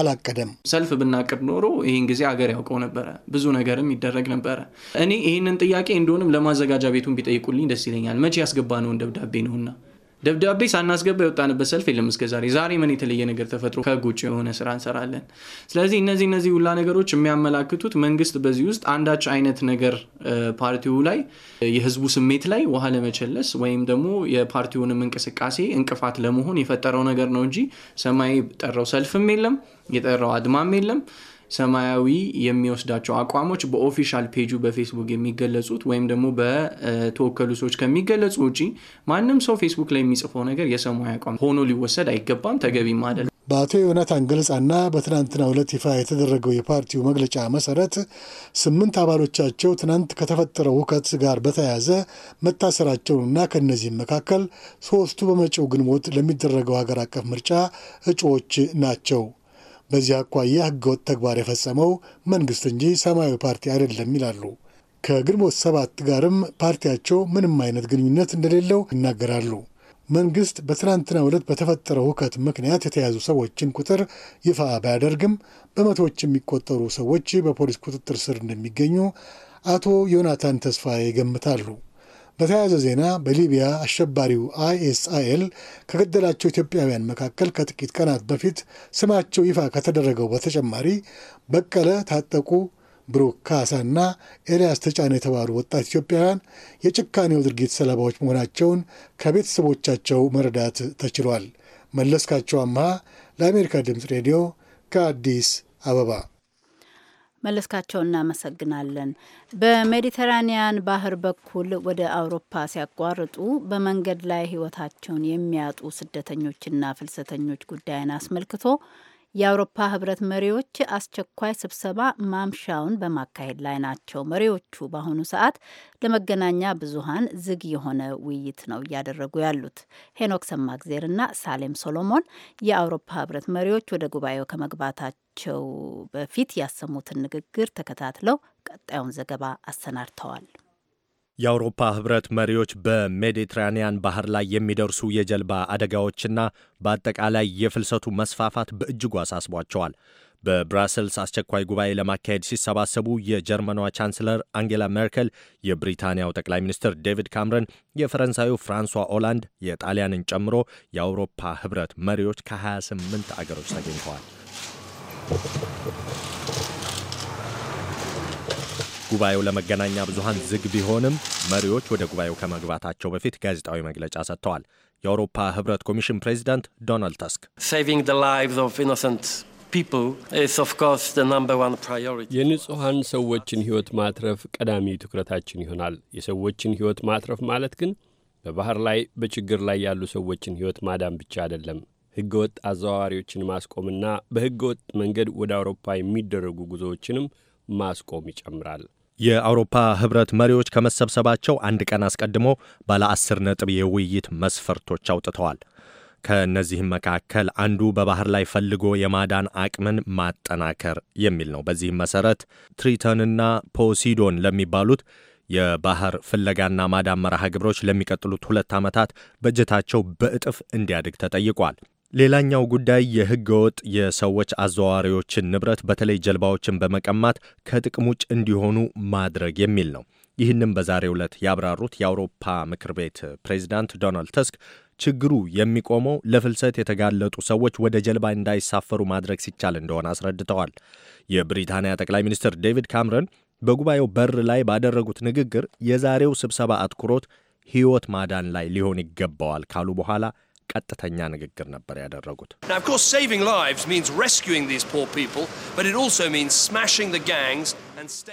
አላቀደም። ሰልፍ ብናቅድ ኖሮ ይህን ጊዜ አገር ያውቀው ነበረ፣ ብዙ ነገርም ይደረግ ነበረ። እኔ ይህንን ጥያቄ እንደሆንም ለማዘጋጃ ቤቱን ቢጠይቁልኝ ደስ ይለኛል። መቼ ያስገባ ነውን ደብዳቤ ነውና ደብዳቤ ሳናስገባ የወጣንበት ሰልፍ የለም እስከ ዛሬ። ዛሬ ምን የተለየ ነገር ተፈጥሮ ከህግ ውጭ የሆነ ስራ እንሰራለን? ስለዚህ እነዚህ እነዚህ ሁላ ነገሮች የሚያመላክቱት መንግስት በዚህ ውስጥ አንዳች አይነት ነገር ፓርቲው ላይ የህዝቡ ስሜት ላይ ውሃ ለመቸለስ ወይም ደግሞ የፓርቲውንም እንቅስቃሴ እንቅፋት ለመሆን የፈጠረው ነገር ነው እንጂ ሰማይ ጠራው ሰልፍም የለም የጠራው አድማም የለም። ሰማያዊ የሚወስዳቸው አቋሞች በኦፊሻል ፔጁ በፌስቡክ የሚገለጹት ወይም ደግሞ በተወከሉ ሰዎች ከሚገለጹ ውጪ ማንም ሰው ፌስቡክ ላይ የሚጽፈው ነገር የሰማያዊ አቋም ሆኖ ሊወሰድ አይገባም፣ ተገቢም አይደለም። በአቶ ዮናታን ገለጻና በትናንትና ዕለት ይፋ የተደረገው የፓርቲው መግለጫ መሰረት ስምንት አባሎቻቸው ትናንት ከተፈጠረው ሁከት ጋር በተያያዘ መታሰራቸውንና ከእነዚህም መካከል ሶስቱ በመጪው ግንቦት ለሚደረገው ሀገር አቀፍ ምርጫ እጩዎች ናቸው። በዚህ አኳያ ህገወጥ ተግባር የፈጸመው መንግስት እንጂ ሰማያዊ ፓርቲ አይደለም ይላሉ። ከግንቦት ሰባት ጋርም ፓርቲያቸው ምንም አይነት ግንኙነት እንደሌለው ይናገራሉ። መንግስት በትናንትናው ዕለት በተፈጠረው ሁከት ምክንያት የተያዙ ሰዎችን ቁጥር ይፋ ባያደርግም በመቶዎች የሚቆጠሩ ሰዎች በፖሊስ ቁጥጥር ስር እንደሚገኙ አቶ ዮናታን ተስፋዬ ይገምታሉ። በተያያዘ ዜና በሊቢያ አሸባሪው አይኤስአይኤል ከገደላቸው ኢትዮጵያውያን መካከል ከጥቂት ቀናት በፊት ስማቸው ይፋ ከተደረገው በተጨማሪ በቀለ ታጠቁ፣ ብሩክ ካሳና ኤልያስ ተጫነ የተባሉ ወጣት ኢትዮጵያውያን የጭካኔው ድርጊት ሰለባዎች መሆናቸውን ከቤተሰቦቻቸው መረዳት ተችሏል። መለስካቸው አምሃ ለአሜሪካ ድምፅ ሬዲዮ ከአዲስ አበባ መለስካቸው እናመሰግናለን። በሜዲተራኒያን ባህር በኩል ወደ አውሮፓ ሲያቋርጡ በመንገድ ላይ ሕይወታቸውን የሚያጡ ስደተኞችና ፍልሰተኞች ጉዳይን አስመልክቶ የአውሮፓ ህብረት መሪዎች አስቸኳይ ስብሰባ ማምሻውን በማካሄድ ላይ ናቸው። መሪዎቹ በአሁኑ ሰዓት ለመገናኛ ብዙሃን ዝግ የሆነ ውይይት ነው እያደረጉ ያሉት። ሄኖክ ሰማግዜር ና ሳሌም ሶሎሞን የአውሮፓ ህብረት መሪዎች ወደ ጉባኤው ከመግባታቸው በፊት ያሰሙትን ንግግር ተከታትለው ቀጣዩን ዘገባ አሰናድተዋል። የአውሮፓ ህብረት መሪዎች በሜዲትራኒያን ባህር ላይ የሚደርሱ የጀልባ አደጋዎችና በአጠቃላይ የፍልሰቱ መስፋፋት በእጅጉ አሳስቧቸዋል። በብራሰልስ አስቸኳይ ጉባኤ ለማካሄድ ሲሰባሰቡ የጀርመኗ ቻንስለር አንጌላ ሜርከል፣ የብሪታንያው ጠቅላይ ሚኒስትር ዴቪድ ካምረን፣ የፈረንሳዩ ፍራንሷ ኦላንድ፣ የጣሊያንን ጨምሮ የአውሮፓ ህብረት መሪዎች ከ28 አገሮች ተገኝተዋል። ጉባኤው ለመገናኛ ብዙሃን ዝግ ቢሆንም መሪዎች ወደ ጉባኤው ከመግባታቸው በፊት ጋዜጣዊ መግለጫ ሰጥተዋል። የአውሮፓ ህብረት ኮሚሽን ፕሬዚዳንት ዶናልድ ተስክ የንጹሐን ሰዎችን ሕይወት ማትረፍ ቀዳሚ ትኩረታችን ይሆናል። የሰዎችን ሕይወት ማትረፍ ማለት ግን በባህር ላይ በችግር ላይ ያሉ ሰዎችን ሕይወት ማዳን ብቻ አይደለም። ሕገ ወጥ አዘዋዋሪዎችን ማስቆምና በሕገ ወጥ መንገድ ወደ አውሮፓ የሚደረጉ ጉዞዎችንም ማስቆም ይጨምራል። የአውሮፓ ህብረት መሪዎች ከመሰብሰባቸው አንድ ቀን አስቀድሞ ባለ አስር ነጥብ የውይይት መስፈርቶች አውጥተዋል። ከእነዚህም መካከል አንዱ በባህር ላይ ፈልጎ የማዳን አቅምን ማጠናከር የሚል ነው። በዚህም መሰረት ትሪተንና ፖሲዶን ለሚባሉት የባህር ፍለጋና ማዳን መርሃ ግብሮች ለሚቀጥሉት ሁለት ዓመታት በጀታቸው በእጥፍ እንዲያድግ ተጠይቋል። ሌላኛው ጉዳይ የህገ ወጥ የሰዎች አዘዋዋሪዎችን ንብረት በተለይ ጀልባዎችን በመቀማት ከጥቅም ውጭ እንዲሆኑ ማድረግ የሚል ነው። ይህንም በዛሬው ዕለት ያብራሩት የአውሮፓ ምክር ቤት ፕሬዚዳንት ዶናልድ ተስክ ችግሩ የሚቆመው ለፍልሰት የተጋለጡ ሰዎች ወደ ጀልባ እንዳይሳፈሩ ማድረግ ሲቻል እንደሆነ አስረድተዋል። የብሪታንያ ጠቅላይ ሚኒስትር ዴቪድ ካምረን በጉባኤው በር ላይ ባደረጉት ንግግር የዛሬው ስብሰባ አትኩሮት ሕይወት ማዳን ላይ ሊሆን ይገባዋል ካሉ በኋላ ቀጥተኛ ንግግር ነበር ያደረጉት።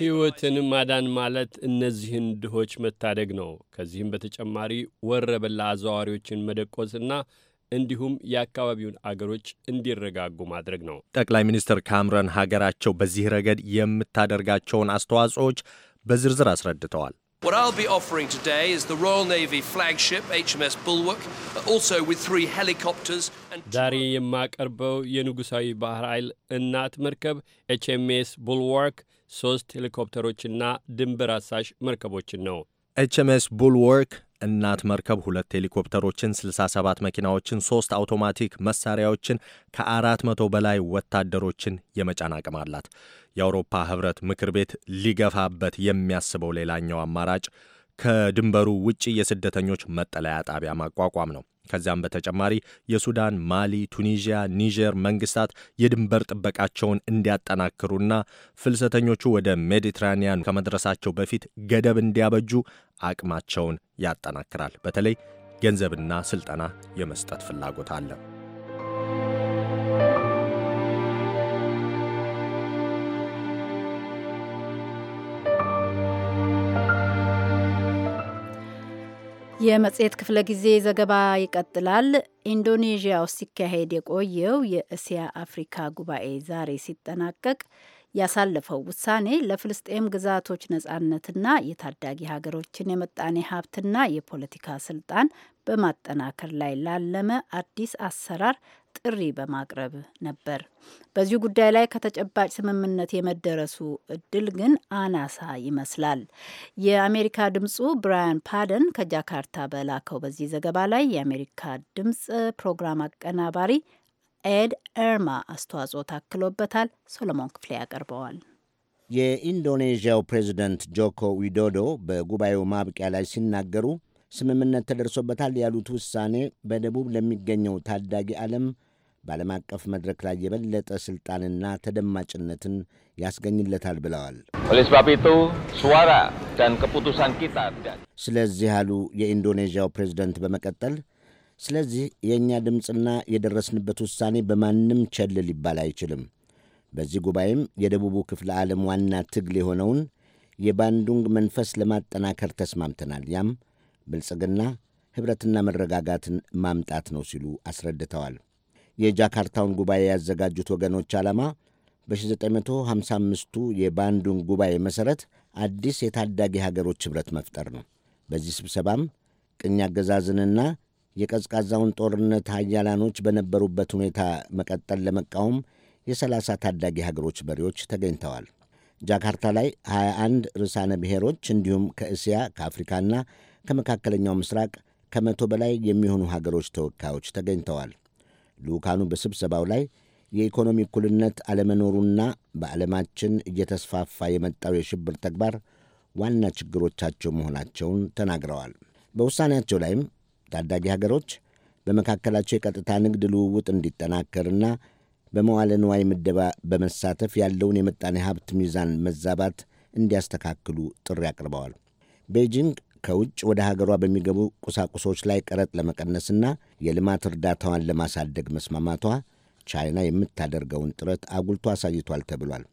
ሕይወትን ማዳን ማለት እነዚህን ድሆች መታደግ ነው። ከዚህም በተጨማሪ ወረበላ አዘዋዋሪዎችን መደቆስና እንዲሁም የአካባቢውን አገሮች እንዲረጋጉ ማድረግ ነው። ጠቅላይ ሚኒስትር ካምረን ሀገራቸው በዚህ ረገድ የምታደርጋቸውን አስተዋጽኦዎች በዝርዝር አስረድተዋል። What I'll be offering today is the Royal Navy flagship HMS Bulwark, also with three helicopters and ዛሬ የማቀርበው የንጉሳዊ ባህር ኃይል እናት መርከብ ኤችኤምኤስ ቡልዋርክ ሶስት ሄሊኮፕተሮችና ድንበር አሳሽ መርከቦችን ነው። ኤችኤምኤስ ቡልዋርክ እናት መርከብ ሁለት ሄሊኮፕተሮችን፣ 67 መኪናዎችን፣ ሶስት አውቶማቲክ መሳሪያዎችን ከአራት መቶ በላይ ወታደሮችን የመጫን አቅም አላት። የአውሮፓ ህብረት ምክር ቤት ሊገፋበት የሚያስበው ሌላኛው አማራጭ ከድንበሩ ውጭ የስደተኞች መጠለያ ጣቢያ ማቋቋም ነው። ከዚያም በተጨማሪ የሱዳን፣ ማሊ፣ ቱኒዥያ፣ ኒጀር መንግስታት የድንበር ጥበቃቸውን እንዲያጠናክሩና ፍልሰተኞቹ ወደ ሜዲትራኒያን ከመድረሳቸው በፊት ገደብ እንዲያበጁ አቅማቸውን ያጠናክራል። በተለይ ገንዘብና ስልጠና የመስጠት ፍላጎት አለ። የመጽሔት ክፍለ ጊዜ ዘገባ ይቀጥላል። ኢንዶኔዥያ ውስጥ ሲካሄድ የቆየው የእስያ አፍሪካ ጉባኤ ዛሬ ሲጠናቀቅ ያሳለፈው ውሳኔ ለፍልስጤም ግዛቶች ነጻነትና የታዳጊ ሀገሮችን የመጣኔ ሀብትና የፖለቲካ ስልጣን በማጠናከር ላይ ላለመ አዲስ አሰራር ጥሪ በማቅረብ ነበር። በዚሁ ጉዳይ ላይ ከተጨባጭ ስምምነት የመደረሱ እድል ግን አናሳ ይመስላል። የአሜሪካ ድምፁ ብራያን ፓደን ከጃካርታ በላከው በዚህ ዘገባ ላይ የአሜሪካ ድምፅ ፕሮግራም አቀናባሪ ኤድ ኤርማ አስተዋጽኦ ታክሎበታል። ሶሎሞን ክፍሌ ያቀርበዋል። የኢንዶኔዥያው ፕሬዚደንት ጆኮ ዊዶዶ በጉባኤው ማብቂያ ላይ ሲናገሩ ስምምነት ተደርሶበታል ያሉት ውሳኔ በደቡብ ለሚገኘው ታዳጊ ዓለም በዓለም አቀፍ መድረክ ላይ የበለጠ ሥልጣንና ተደማጭነትን ያስገኝለታል ብለዋል። ስለዚህ አሉ የኢንዶኔዥያው ፕሬዝደንት በመቀጠል ስለዚህ የእኛ ድምፅና የደረስንበት ውሳኔ በማንም ቸል ሊባል አይችልም። በዚህ ጉባኤም የደቡቡ ክፍለ ዓለም ዋና ትግል የሆነውን የባንዱንግ መንፈስ ለማጠናከር ተስማምተናል። ያም ብልጽግና ኅብረትና መረጋጋትን ማምጣት ነው ሲሉ አስረድተዋል። የጃካርታውን ጉባኤ ያዘጋጁት ወገኖች ዓላማ በ1955ቱ የባንዱን ጉባኤ መሠረት አዲስ የታዳጊ ሀገሮች ኅብረት መፍጠር ነው። በዚህ ስብሰባም ቅኝ አገዛዝንና የቀዝቃዛውን ጦርነት ሀያላኖች በነበሩበት ሁኔታ መቀጠል ለመቃወም የሰላሳ ታዳጊ ሀገሮች መሪዎች ተገኝተዋል። ጃካርታ ላይ 21 ርዕሳነ ብሔሮች እንዲሁም ከእስያ ከአፍሪካና ከመካከለኛው ምስራቅ ከመቶ በላይ የሚሆኑ ሀገሮች ተወካዮች ተገኝተዋል። ልዑካኑ በስብሰባው ላይ የኢኮኖሚ እኩልነት አለመኖሩና በዓለማችን እየተስፋፋ የመጣው የሽብር ተግባር ዋና ችግሮቻቸው መሆናቸውን ተናግረዋል። በውሳኔያቸው ላይም ታዳጊ ሀገሮች በመካከላቸው የቀጥታ ንግድ ልውውጥ እንዲጠናከርና በመዋለ ንዋይ ምደባ በመሳተፍ ያለውን የምጣኔ ሀብት ሚዛን መዛባት እንዲያስተካክሉ ጥሪ አቅርበዋል። ቤጂንግ ከውጭ ወደ ሀገሯ በሚገቡ ቁሳቁሶች ላይ ቀረጥ ለመቀነስና የልማት እርዳታዋን ለማሳደግ መስማማቷ ቻይና የምታደርገውን ጥረት አጉልቶ አሳይቷል ተብሏል።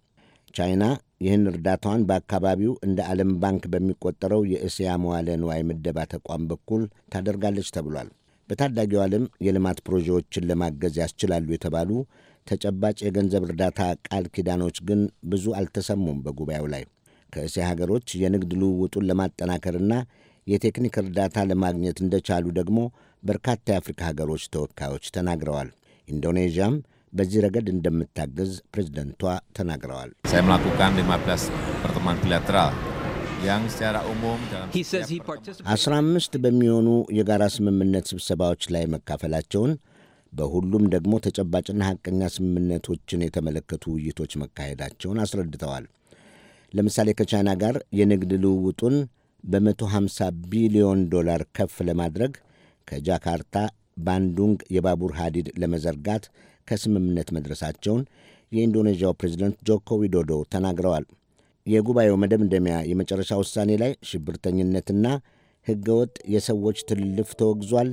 ቻይና ይህን እርዳታዋን በአካባቢው እንደ ዓለም ባንክ በሚቆጠረው የእስያ መዋለ ንዋይ ምደባ ተቋም በኩል ታደርጋለች ተብሏል። በታዳጊው ዓለም የልማት ፕሮጀዎችን ለማገዝ ያስችላሉ የተባሉ ተጨባጭ የገንዘብ እርዳታ ቃል ኪዳኖች ግን ብዙ አልተሰሙም በጉባኤው ላይ። ከእስያ ሀገሮች የንግድ ልውውጡን ለማጠናከርና የቴክኒክ እርዳታ ለማግኘት እንደቻሉ ደግሞ በርካታ የአፍሪካ ሀገሮች ተወካዮች ተናግረዋል። ኢንዶኔዥያም በዚህ ረገድ እንደምታግዝ ፕሬዝደንቷ ተናግረዋል። አስራ አምስት በሚሆኑ የጋራ ስምምነት ስብሰባዎች ላይ መካፈላቸውን በሁሉም ደግሞ ተጨባጭና ሐቀኛ ስምምነቶችን የተመለከቱ ውይይቶች መካሄዳቸውን አስረድተዋል። ለምሳሌ ከቻይና ጋር የንግድ ልውውጡን በ150 ቢሊዮን ዶላር ከፍ ለማድረግ ከጃካርታ ባንዱንግ የባቡር ሐዲድ ለመዘርጋት ከስምምነት መድረሳቸውን የኢንዶኔዥያው ፕሬዚደንት ጆኮ ዊዶዶ ተናግረዋል። የጉባኤው መደምደሚያ የመጨረሻ ውሳኔ ላይ ሽብርተኝነትና ሕገወጥ የሰዎች ትልልፍ ተወግዟል።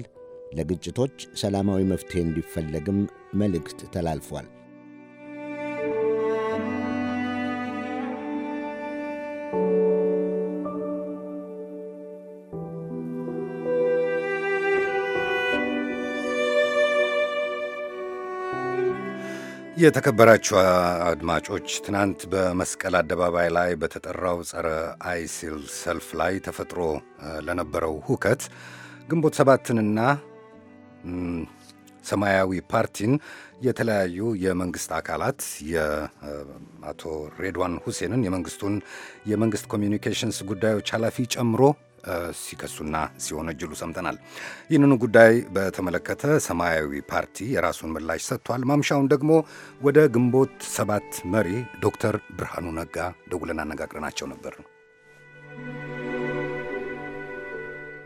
ለግጭቶች ሰላማዊ መፍትሔ እንዲፈለግም መልእክት ተላልፏል። የተከበራችሁ አድማጮች ትናንት በመስቀል አደባባይ ላይ በተጠራው ጸረ አይሲል ሰልፍ ላይ ተፈጥሮ ለነበረው ሁከት ግንቦት ሰባትንና ሰማያዊ ፓርቲን የተለያዩ የመንግስት አካላት የአቶ ሬድዋን ሁሴንን የመንግስቱን የመንግስት ኮሚኒኬሽንስ ጉዳዮች ኃላፊ ጨምሮ ሲከሱና ሲወነጅሉ ሰምተናል። ይህንኑ ጉዳይ በተመለከተ ሰማያዊ ፓርቲ የራሱን ምላሽ ሰጥቷል። ማምሻውን ደግሞ ወደ ግንቦት ሰባት መሪ ዶክተር ብርሃኑ ነጋ ደውለን አነጋግረናቸው ነበር።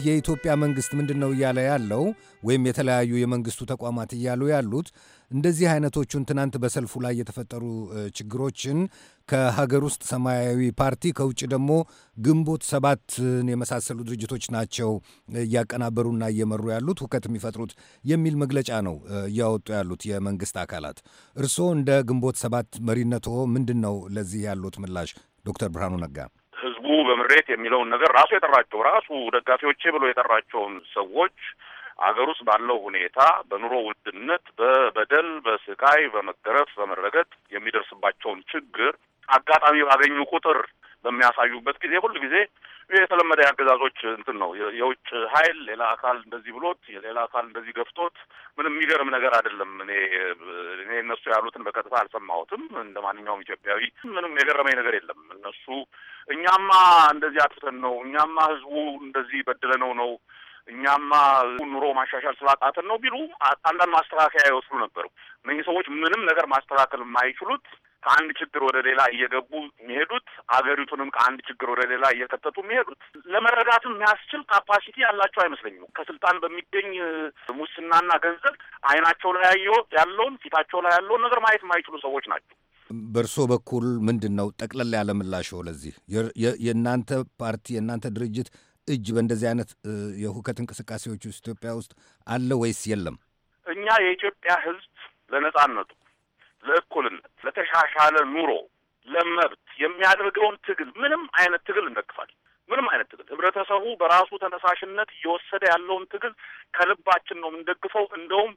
የኢትዮጵያ መንግስት ምንድን ነው እያለ ያለው ወይም የተለያዩ የመንግስቱ ተቋማት እያሉ ያሉት እንደዚህ አይነቶቹን ትናንት በሰልፉ ላይ የተፈጠሩ ችግሮችን ከሀገር ውስጥ ሰማያዊ ፓርቲ ከውጭ ደግሞ ግንቦት ሰባትን የመሳሰሉ ድርጅቶች ናቸው እያቀናበሩና እየመሩ ያሉት ሁከት የሚፈጥሩት የሚል መግለጫ ነው እያወጡ ያሉት የመንግስት አካላት። እርስዎ እንደ ግንቦት ሰባት መሪነቶ ምንድን ነው ለዚህ ያሉት ምላሽ? ዶክተር ብርሃኑ ነጋ ህዝቡ በምሬት የሚለውን ነገር ራሱ የጠራቸው ራሱ ደጋፊዎቼ ብሎ የጠራቸውን ሰዎች አገር ውስጥ ባለው ሁኔታ በኑሮ ውድነት፣ በበደል፣ በስቃይ፣ በመገረፍ፣ በመረገጥ የሚደርስባቸውን ችግር አጋጣሚ ባገኙ ቁጥር በሚያሳዩበት ጊዜ ሁል ጊዜ የተለመደ የአገዛዞች እንትን ነው። የውጭ ኃይል ሌላ አካል እንደዚህ ብሎት፣ የሌላ አካል እንደዚህ ገፍቶት፣ ምንም የሚገርም ነገር አይደለም። እኔ እኔ እነሱ ያሉትን በቀጥታ አልሰማሁትም። እንደ ማንኛውም ኢትዮጵያዊ ምንም የገረመኝ ነገር የለም። እነሱ እኛማ እንደዚህ አጥፍተን ነው፣ እኛማ ህዝቡ እንደዚህ በድለነው ነው እኛማ ኑሮ ማሻሻል ስላቃተን ነው ቢሉ አንዳንድ ማስተካከያ ይወስዱ ነበሩ። እነዚህ ሰዎች ምንም ነገር ማስተካከል የማይችሉት ከአንድ ችግር ወደ ሌላ እየገቡ የሚሄዱት አገሪቱንም ከአንድ ችግር ወደ ሌላ እየከተቱ የሚሄዱት ለመረዳትም የሚያስችል ካፓሲቲ ያላቸው አይመስለኝም። ከስልጣን በሚገኝ ሙስናና ገንዘብ አይናቸው ላይ ያየው ያለውን ፊታቸው ላይ ያለውን ነገር ማየት የማይችሉ ሰዎች ናቸው። በእርሶ በኩል ምንድን ነው ጠቅለል ያለ ምላሽ ለዚህ የእናንተ ፓርቲ የእናንተ ድርጅት እጅ በእንደዚህ አይነት የሁከት እንቅስቃሴዎች ውስጥ ኢትዮጵያ ውስጥ አለ ወይስ የለም? እኛ የኢትዮጵያ ሕዝብ ለነጻነቱ፣ ለእኩልነት፣ ለተሻሻለ ኑሮ፣ ለመብት የሚያደርገውን ትግል ምንም አይነት ትግል እንደግፋለን። ምንም አይነት ትግል ህብረተሰቡ በራሱ ተነሳሽነት እየወሰደ ያለውን ትግል ከልባችን ነው የምንደግፈው። እንደውም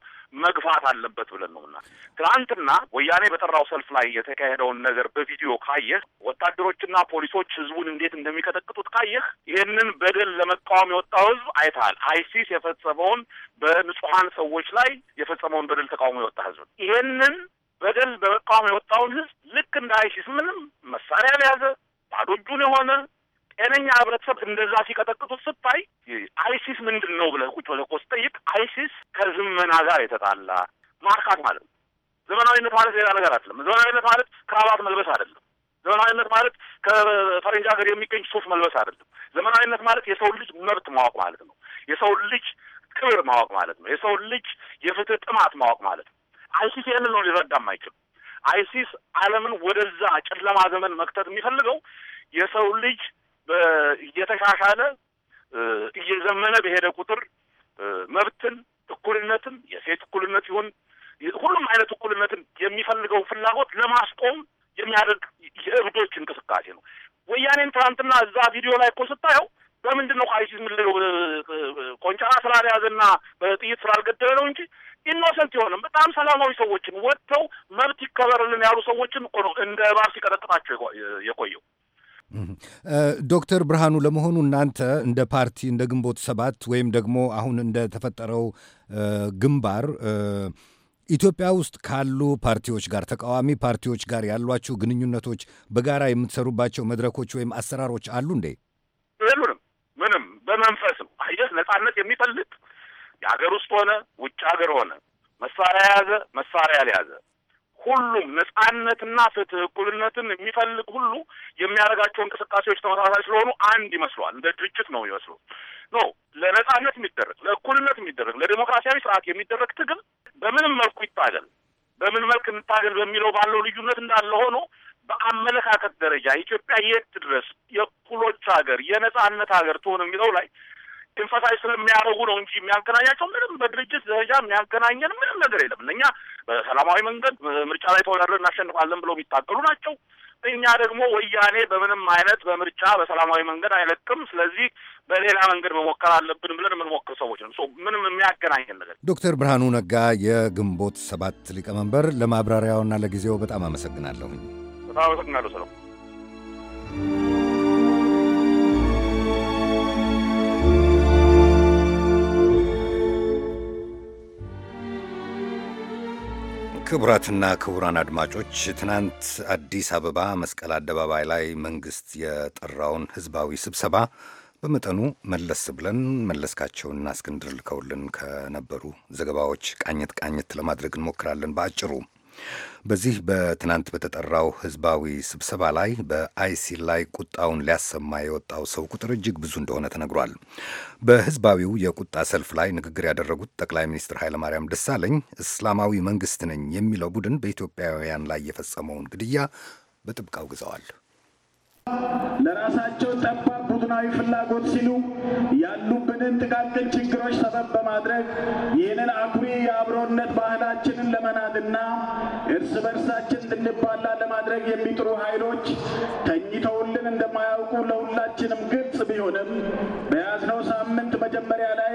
መግፋት አለበት ብለን ነው ምና ትናንትና ወያኔ በጠራው ሰልፍ ላይ የተካሄደውን ነገር በቪዲዮ ካየህ ወታደሮችና ፖሊሶች ህዝቡን እንዴት እንደሚቀጠቅጡት ካየህ ይህንን በደል ለመቃወም የወጣው ህዝብ አይተሃል። አይሲስ የፈጸመውን በንጹሐን ሰዎች ላይ የፈጸመውን በደል ተቃውሞ የወጣ ህዝብ ይህንን በደል በመቃወም የወጣውን ህዝብ ልክ እንደ አይሲስ ምንም መሳሪያ የያዘ ባዶ እጁን የሆነ ጤነኛ ህብረተሰብ እንደዛ ሲቀጠቅጡ ስታይ አይሲስ ምንድን ነው ብለህ ቁጭ ብለህ እኮ ስጠይቅ አይሲስ ከዝመና ጋር የተጣላ ማርካት ማለት ነው። ዘመናዊነት ማለት ሌላ ነገር አይደለም። ዘመናዊነት ማለት ክራባት መልበስ አይደለም። ዘመናዊነት ማለት ከፈረንጅ ሀገር የሚገኝ ሱፍ መልበስ አይደለም። ዘመናዊነት ማለት የሰው ልጅ መብት ማወቅ ማለት ነው። የሰው ልጅ ክብር ማወቅ ማለት ነው። የሰው ልጅ የፍትህ ጥማት ማወቅ ማለት ነው። አይሲስ ይህንን ነው ሊረዳም አይችልም። አይሲስ ዓለምን ወደዛ ጨለማ ዘመን መክተት የሚፈልገው የሰው ልጅ እየተሻሻለ እየዘመነ በሄደ ቁጥር መብትን፣ እኩልነትን የሴት እኩልነት ይሁን ሁሉም አይነት እኩልነትን የሚፈልገው ፍላጎት ለማስቆም የሚያደርግ የእብዶች እንቅስቃሴ ነው። ወያኔን ትናንትና እዛ ቪዲዮ ላይ እኮ ስታየው በምንድን ነው አይሲስ የምንለው ቆንጨራ ስላልያዘና በጥይት ስላልገደለ ነው እንጂ ኢኖሰንት የሆነም በጣም ሰላማዊ ሰዎችን ወጥተው መብት ይከበርልን ያሉ ሰዎችን እኮ ነው እንደ እባብ ሲቀጠቅጣቸው የቆየው። ዶክተር ብርሃኑ ለመሆኑ እናንተ እንደ ፓርቲ እንደ ግንቦት ሰባት ወይም ደግሞ አሁን እንደተፈጠረው ግንባር ኢትዮጵያ ውስጥ ካሉ ፓርቲዎች ጋር ተቃዋሚ ፓርቲዎች ጋር ያሏችሁ ግንኙነቶች፣ በጋራ የምትሰሩባቸው መድረኮች ወይም አሰራሮች አሉ እንዴ? ምንም ምንም። በመንፈስ ነው። አየህ፣ ነጻነት የሚፈልግ የሀገር ውስጥ ሆነ ውጭ ሀገር ሆነ መሳሪያ የያዘ መሳሪያ ያልያዘ ሁሉም ነጻነትና ፍትህ እኩልነትን የሚፈልግ ሁሉ የሚያደርጋቸው እንቅስቃሴዎች ተመሳሳይ ስለሆኑ አንድ ይመስለዋል። እንደ ድርጅት ነው ይመስሉ ኖ ለነጻነት የሚደረግ ለእኩልነት የሚደረግ ለዴሞክራሲያዊ ስርዓት የሚደረግ ትግል በምንም መልኩ ይታገል በምን መልክ እንታገል በሚለው ባለው ልዩነት እንዳለ ሆኖ በአመለካከት ደረጃ ኢትዮጵያ የት ድረስ የእኩሎች ሀገር የነጻነት ሀገር ትሆን የሚለው ላይ ትንፈሳዊ ስለሚያደርጉ ነው እንጂ የሚያገናኛቸው ምንም በድርጅት ደረጃ የሚያገናኘን ምንም ነገር የለም። እኛ በሰላማዊ መንገድ ምርጫ ላይ ተወዳድረን እናሸንፋለን ብለው የሚታገሉ ናቸው። እኛ ደግሞ ወያኔ በምንም አይነት በምርጫ በሰላማዊ መንገድ አይለቅም። ስለዚህ በሌላ መንገድ መሞከር አለብን ብለን የምንሞክር ሰዎች ነው። ምንም የሚያገናኘን ነገር። ዶክተር ብርሃኑ ነጋ የግንቦት ሰባት ሊቀመንበር፣ ለማብራሪያውና ለጊዜው በጣም አመሰግናለሁኝ። በጣም አመሰግናለሁ ሰለው ክቡራትና ክቡራን አድማጮች ትናንት አዲስ አበባ መስቀል አደባባይ ላይ መንግስት የጠራውን ህዝባዊ ስብሰባ በመጠኑ መለስ ብለን መለስካቸውና እስክንድር ልከውልን ከነበሩ ዘገባዎች ቃኘት ቃኘት ለማድረግ እንሞክራለን በአጭሩ። በዚህ በትናንት በተጠራው ህዝባዊ ስብሰባ ላይ በአይሲል ላይ ቁጣውን ሊያሰማ የወጣው ሰው ቁጥር እጅግ ብዙ እንደሆነ ተነግሯል። በህዝባዊው የቁጣ ሰልፍ ላይ ንግግር ያደረጉት ጠቅላይ ሚኒስትር ኃይለማርያም ደሳለኝ እስላማዊ መንግስት ነኝ የሚለው ቡድን በኢትዮጵያውያን ላይ የፈጸመውን ግድያ በጥብቅ አውግዘዋል። ለራሳቸው ጠባብ ቡድናዊ ፍላጎት ሲሉ ያሉብንን ጥቃቅን ችግሮች ሰበብ በማድረግ ይህንን አኩሪ የአብሮነት ባህላችንን ለመናድና እርስ በርሳችን እንባላ ለማድረግ የሚጥሩ ኃይሎች ተኝተውልን እንደማያውቁ ለሁላችንም ግልጽ ቢሆንም በያዝነው ሳምንት መጀመሪያ ላይ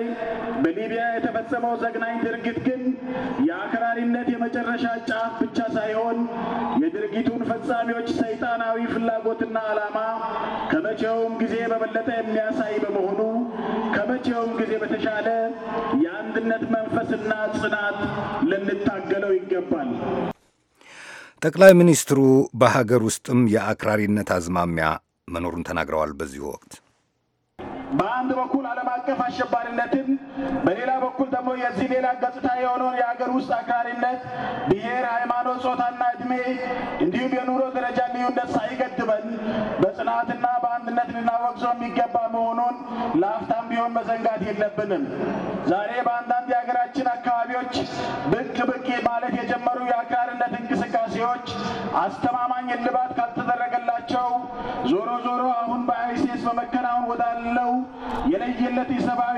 በሊቢያ የተፈጸመው ዘግናኝ ድርጊት ግን የአክራሪነት የመጨረሻ ጫፍ ብቻ ሳይሆን የድርጊቱን ፈጻሚዎች ሰይጣናዊ ፍላጎትና ዓላማ ከመቼውም ጊዜ በበለጠ የሚያሳይ በመሆኑ ከመቼውም ጊዜ በተሻለ የአንድነት መንፈስና ጽናት ልንታገለው ይገባል። ጠቅላይ ሚኒስትሩ በሀገር ውስጥም የአክራሪነት አዝማሚያ መኖሩን ተናግረዋል። በዚሁ ወቅት bande wa አቀፍ አሸባሪነትን፣ በሌላ በኩል ደግሞ የዚህ ሌላ ገጽታ የሆነውን የሀገር ውስጥ አክራሪነት ብሔር፣ ሃይማኖት፣ ጾታና እድሜ እንዲሁም የኑሮ ደረጃ ልዩነት ሳይገድበን በጽናትና በአንድነት ልናወግዘው የሚገባ መሆኑን ለአፍታም ቢሆን መዘንጋት የለብንም። ዛሬ በአንዳንድ የሀገራችን አካባቢዎች ብቅ ብቅ ማለት የጀመሩ የአክራሪነት እንቅስቃሴዎች አስተማማኝ እልባት ካልተደረገላቸው ዞሮ ዞሮ አሁን በአይሲስ በመከናወን ወዳለው የለየለት በዚህ ሰብአዊ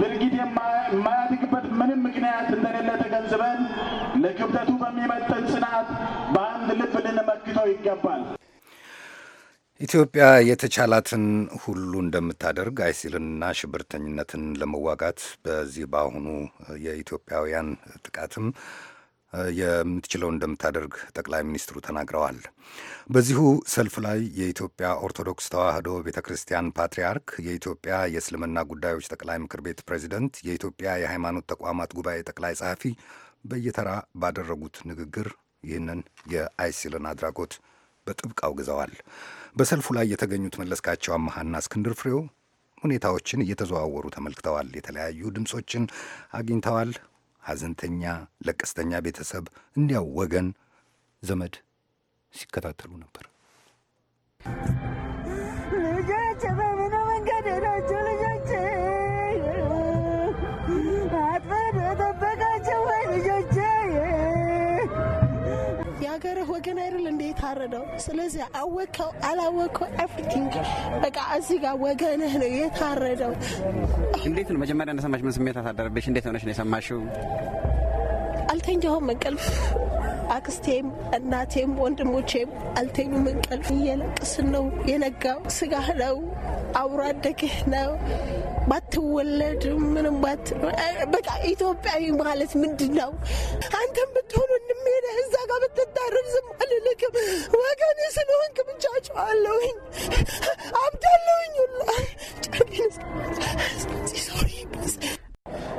ድርጊት የማያድግበት ምንም ምክንያት እንደሌለ ተገንዝበን ለክብደቱ በሚመጥን ጽናት በአንድ ልብ ልንመክተው ይገባል። ኢትዮጵያ የተቻላትን ሁሉ እንደምታደርግ አይሲልንና ሽብርተኝነትን ለመዋጋት በዚህ በአሁኑ የኢትዮጵያውያን ጥቃትም የምትችለው እንደምታደርግ ጠቅላይ ሚኒስትሩ ተናግረዋል። በዚሁ ሰልፍ ላይ የኢትዮጵያ ኦርቶዶክስ ተዋሕዶ ቤተ ክርስቲያን ፓትርያርክ፣ የኢትዮጵያ የእስልምና ጉዳዮች ጠቅላይ ምክር ቤት ፕሬዚደንት፣ የኢትዮጵያ የሃይማኖት ተቋማት ጉባኤ ጠቅላይ ጸሐፊ በየተራ ባደረጉት ንግግር ይህንን የአይሲልን አድራጎት በጥብቅ አውግዘዋል። በሰልፉ ላይ የተገኙት መለስካቸው አመሃና እስክንድር ፍሬው ሁኔታዎችን እየተዘዋወሩ ተመልክተዋል። የተለያዩ ድምፆችን አግኝተዋል። ሐዘንተኛ፣ ለቀስተኛ ቤተሰብ፣ እንዲያው ወገን ዘመድ ሲከታተሉ ነበር። እግዚአብሔርን እንዴት አረደው። ስለዚህ አወቀው አላወቀው ኤቭሪቲንግ በቃ እዚህ ጋር ወገንህ ነው የታረደው። እንዴት ነው መጀመሪያ እንደሰማሽ ምን ስሜት አሳደረብሽ? እንዴት ሆነሽ ነው የሰማሽው? አልተኛሁም እንቅልፍ አክስቴም እናቴም ወንድሞቼም አልተኙም እንቅልፍ። እየለቅስን ነው የነጋው። ስጋህ ነው አብሮ አደግህ ነው ባትወለድ ምንም ባት በቃ ኢትዮጵያዊ ማለት ምንድን ነው? አንተም ብትሆኑ እንሚሄደ እዛ ጋር ብትታረድ ዝም አልልክም። ወገኔ ስለሆንክ ብቻ ጨዋለሁኝ አብዳለሁኝ ላ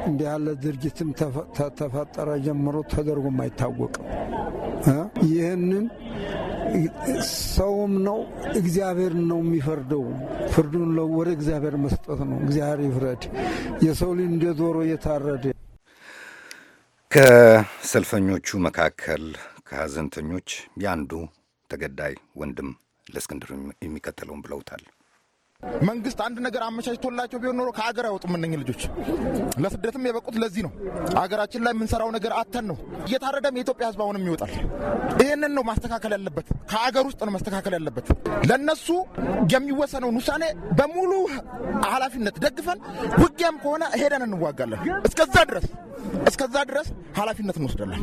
እንዲህ ያለ ድርጅትም ተፈጠረ ጀምሮ ተደርጎም አይታወቅም። ይህንን ሰውም ነው እግዚአብሔር ነው የሚፈርደው። ፍርዱን ወደ እግዚአብሔር መስጠት ነው። እግዚአብሔር ይፍረድ። የሰው ልጅ እንደ ዶሮ እየታረደ ከሰልፈኞቹ መካከል ከሀዘንተኞች የአንዱ ተገዳይ ወንድም ለእስክንድር የሚከተለውን ብለውታል። መንግስት አንድ ነገር አመቻችቶላቸው ቢሆን ኖሮ ከሀገር አይወጡም እነኝህ ልጆች። ለስደትም የበቁት ለዚህ ነው። አገራችን ላይ የምንሰራው ነገር አተን ነው። እየታረደም የኢትዮጵያ ሕዝብ አሁንም ይወጣል። ይህንን ነው ማስተካከል ያለበት። ከሀገር ውስጥ ነው ማስተካከል ያለበት። ለእነሱ የሚወሰነውን ውሳኔ በሙሉ ኃላፊነት ደግፈን ውጊያም ከሆነ ሄደን እንዋጋለን። እስከዛ ድረስ እስከዛ ድረስ ኃላፊነት እንወስዳለን።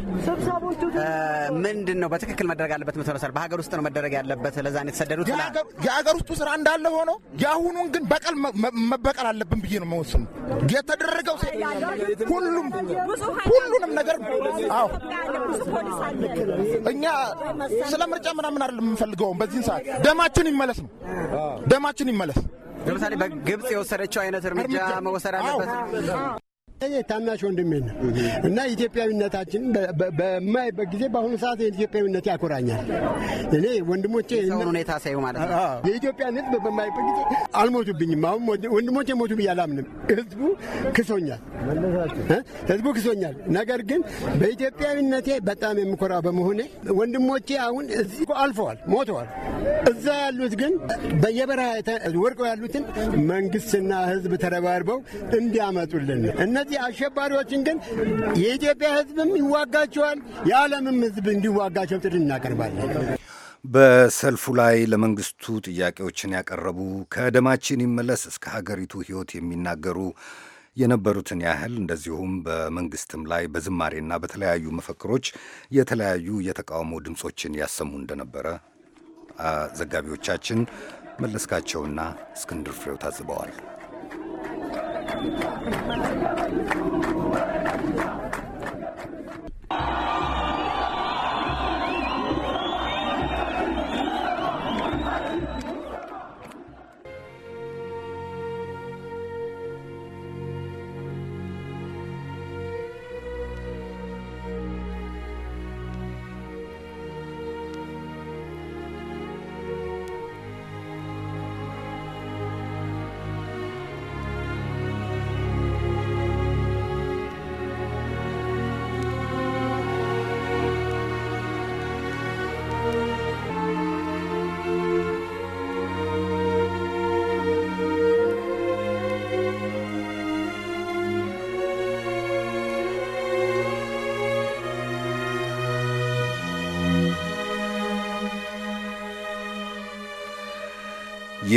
ምንድን ነው በትክክል መደረግ አለበት? በሀገር ውስጥ ነው መደረግ ያለበት። ለዛ የተሰደዱት። የሀገር ውስጡ ስራ እንዳለ ሆኖ የአሁኑን ግን በቀል መበቀል አለብን ብዬ ነው መወስኑ። የተደረገው ሁሉም ሁሉንም ነገር አዎ፣ እኛ ስለ ምርጫ ምናምን አይደለም የምንፈልገውም በዚህን ሰዓት ደማችን ይመለስ ነው። ደማችን ይመለስ። ለምሳሌ በግብፅ የወሰደችው አይነት እርምጃ መወሰድ አለበት። ታናሽ ወንድሜ ነው እና ኢትዮጵያዊነታችን በማይበት ጊዜ በአሁኑ ሰዓት የኢትዮጵያዊነት ያኮራኛል። እኔ ወንድሞቼ ሁኔታ ሳይ ማለት ነው የኢትዮጵያን ሕዝብ በማይበት ጊዜ አልሞቱብኝም። አሁን ወንድሞቼ ሞቱ ብዬ አላምንም። ሕዝቡ ክሶኛል፣ ሕዝቡ ክሶኛል። ነገር ግን በኢትዮጵያዊነቴ በጣም የምኮራ በመሆኔ ወንድሞቼ አሁን እዚህ አልፈዋል፣ ሞተዋል። እዛ ያሉት ግን በየበረሃ ወርቀው ያሉትን መንግስትና ሕዝብ ተረባርበው እንዲያመጡልን እነዚህ አሸባሪዎችን ግን የኢትዮጵያ ሕዝብም ይዋጋቸዋል፣ የዓለምም ሕዝብ እንዲዋጋቸው ጥሪ እናቀርባለን። በሰልፉ ላይ ለመንግስቱ ጥያቄዎችን ያቀረቡ ከደማችን ይመለስ እስከ ሀገሪቱ ሕይወት የሚናገሩ የነበሩትን ያህል እንደዚሁም በመንግስትም ላይ በዝማሬና በተለያዩ መፈክሮች የተለያዩ የተቃውሞ ድምፆችን ያሰሙ እንደነበረ ዘጋቢዎቻችን መለስካቸውና እስክንድር ፍሬው ታዝበዋል። Thank you.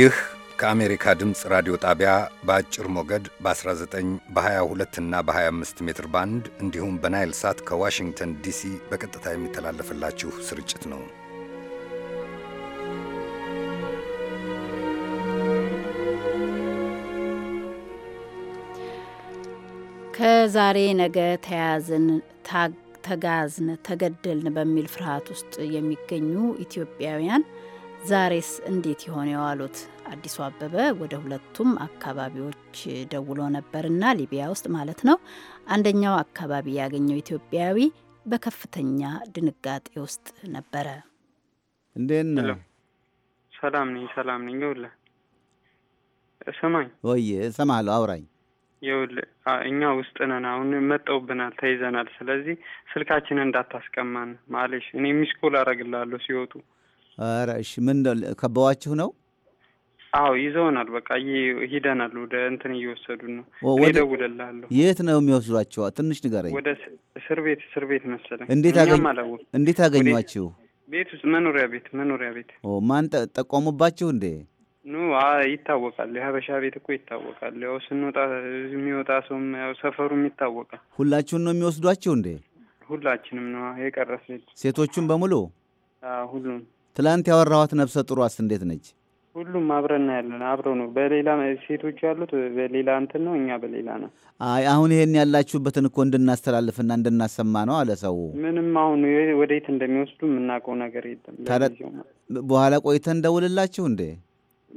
ይህ ከአሜሪካ ድምፅ ራዲዮ ጣቢያ በአጭር ሞገድ በ19 በ22 እና በ25 ሜትር ባንድ እንዲሁም በናይል ሳት ከዋሽንግተን ዲሲ በቀጥታ የሚተላለፍላችሁ ስርጭት ነው። ከዛሬ ነገ ተያዝን ተጋዝን ተገደልን በሚል ፍርሃት ውስጥ የሚገኙ ኢትዮጵያውያን ዛሬስ እንዴት ይሆን የዋሉት? አዲሱ አበበ ወደ ሁለቱም አካባቢዎች ደውሎ ነበርና ሊቢያ ውስጥ ማለት ነው። አንደኛው አካባቢ ያገኘው ኢትዮጵያዊ በከፍተኛ ድንጋጤ ውስጥ ነበረ። እንዴት ነው? ሰላም ነኝ፣ ሰላም ነኝ። ይኸውልህ ስማኝ። ወይ እሰማለሁ፣ አውራኝ። ይኸውልህ እኛ ውስጥ ነን፣ አሁን መጠውብናል፣ ተይዘናል። ስለዚህ ስልካችንን እንዳታስቀማን ማለሽ። እኔ ሚስኮል አረግላለሁ ሲወጡ ኧረ እሺ። ምን ከበዋችሁ ነው? አዎ ይዘውናል። በቃ ሂደናል። ወደ እንትን እየወሰዱ ነው። እደውልልሃለሁ። የት ነው የሚወስዷቸው? ትንሽ ንገረኝ። ወደ እስር ቤት እስር ቤት መሰለኝ። እንዴት አገኟችሁ? ቤት ውስጥ መኖሪያ ቤት መኖሪያ ቤት። ማን ጠቆሙባችሁ እንዴ? ኑ ይታወቃል። የሀበሻ ቤት እኮ ይታወቃል። ያው ስንወጣ የሚወጣ ሰውም ያው ሰፈሩም ይታወቃል። ሁላችሁን ነው የሚወስዷችሁ እንዴ? ሁላችንም ነው የቀረ ሴቶቹም በሙሉ ሁሉም ትላንት ያወራኋት ነፍሰ ጥሯስ እንዴት ነች? ሁሉም አብረና ያለን አብረው ነው። በሌላ ሴቶች ያሉት በሌላ እንትን ነው፣ እኛ በሌላ ነው። አይ አሁን ይሄን ያላችሁበትን እኮ እንድናስተላልፍና እንድናሰማ ነው አለ ሰው። ምንም አሁን ወዴት እንደሚወስዱ የምናውቀው ነገር የለም። በኋላ ቆይተን እንደውልላችሁ እንዴ።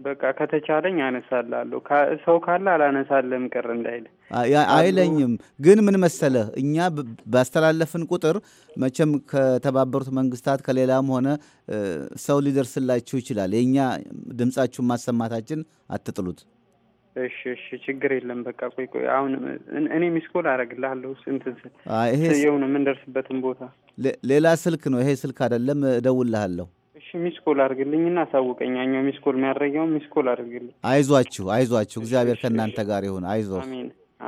በቃ ከተቻለኝ አነሳላለሁ። ሰው ካለ አላነሳለም ቅር እንዳይል አይለኝም። ግን ምን መሰለህ እኛ ባስተላለፍን ቁጥር መቼም ከተባበሩት መንግስታት ከሌላም ሆነ ሰው ሊደርስላችሁ ይችላል። የእኛ ድምጻችሁን ማሰማታችን አትጥሉት። እሺ፣ እሺ፣ ችግር የለም። በቃ ቆይ ቆይ፣ አሁን እኔ ሚስኮል አደርግልሃለሁ። እንትን የሆነ የምንደርስበትን ቦታ ሌላ ስልክ ነው ይሄ ስልክ አይደለም፣ እደውልልሃለሁ። እሺ፣ ሚስኮል አድርግልኝና አሳውቀኝ። ያኛው ሚስኮል የሚያደርገው ሚስኮል አድርግልኝ። አይዟችሁ፣ አይዟችሁ፣ እግዚአብሔር ከእናንተ ጋር ይሁን። አይዞ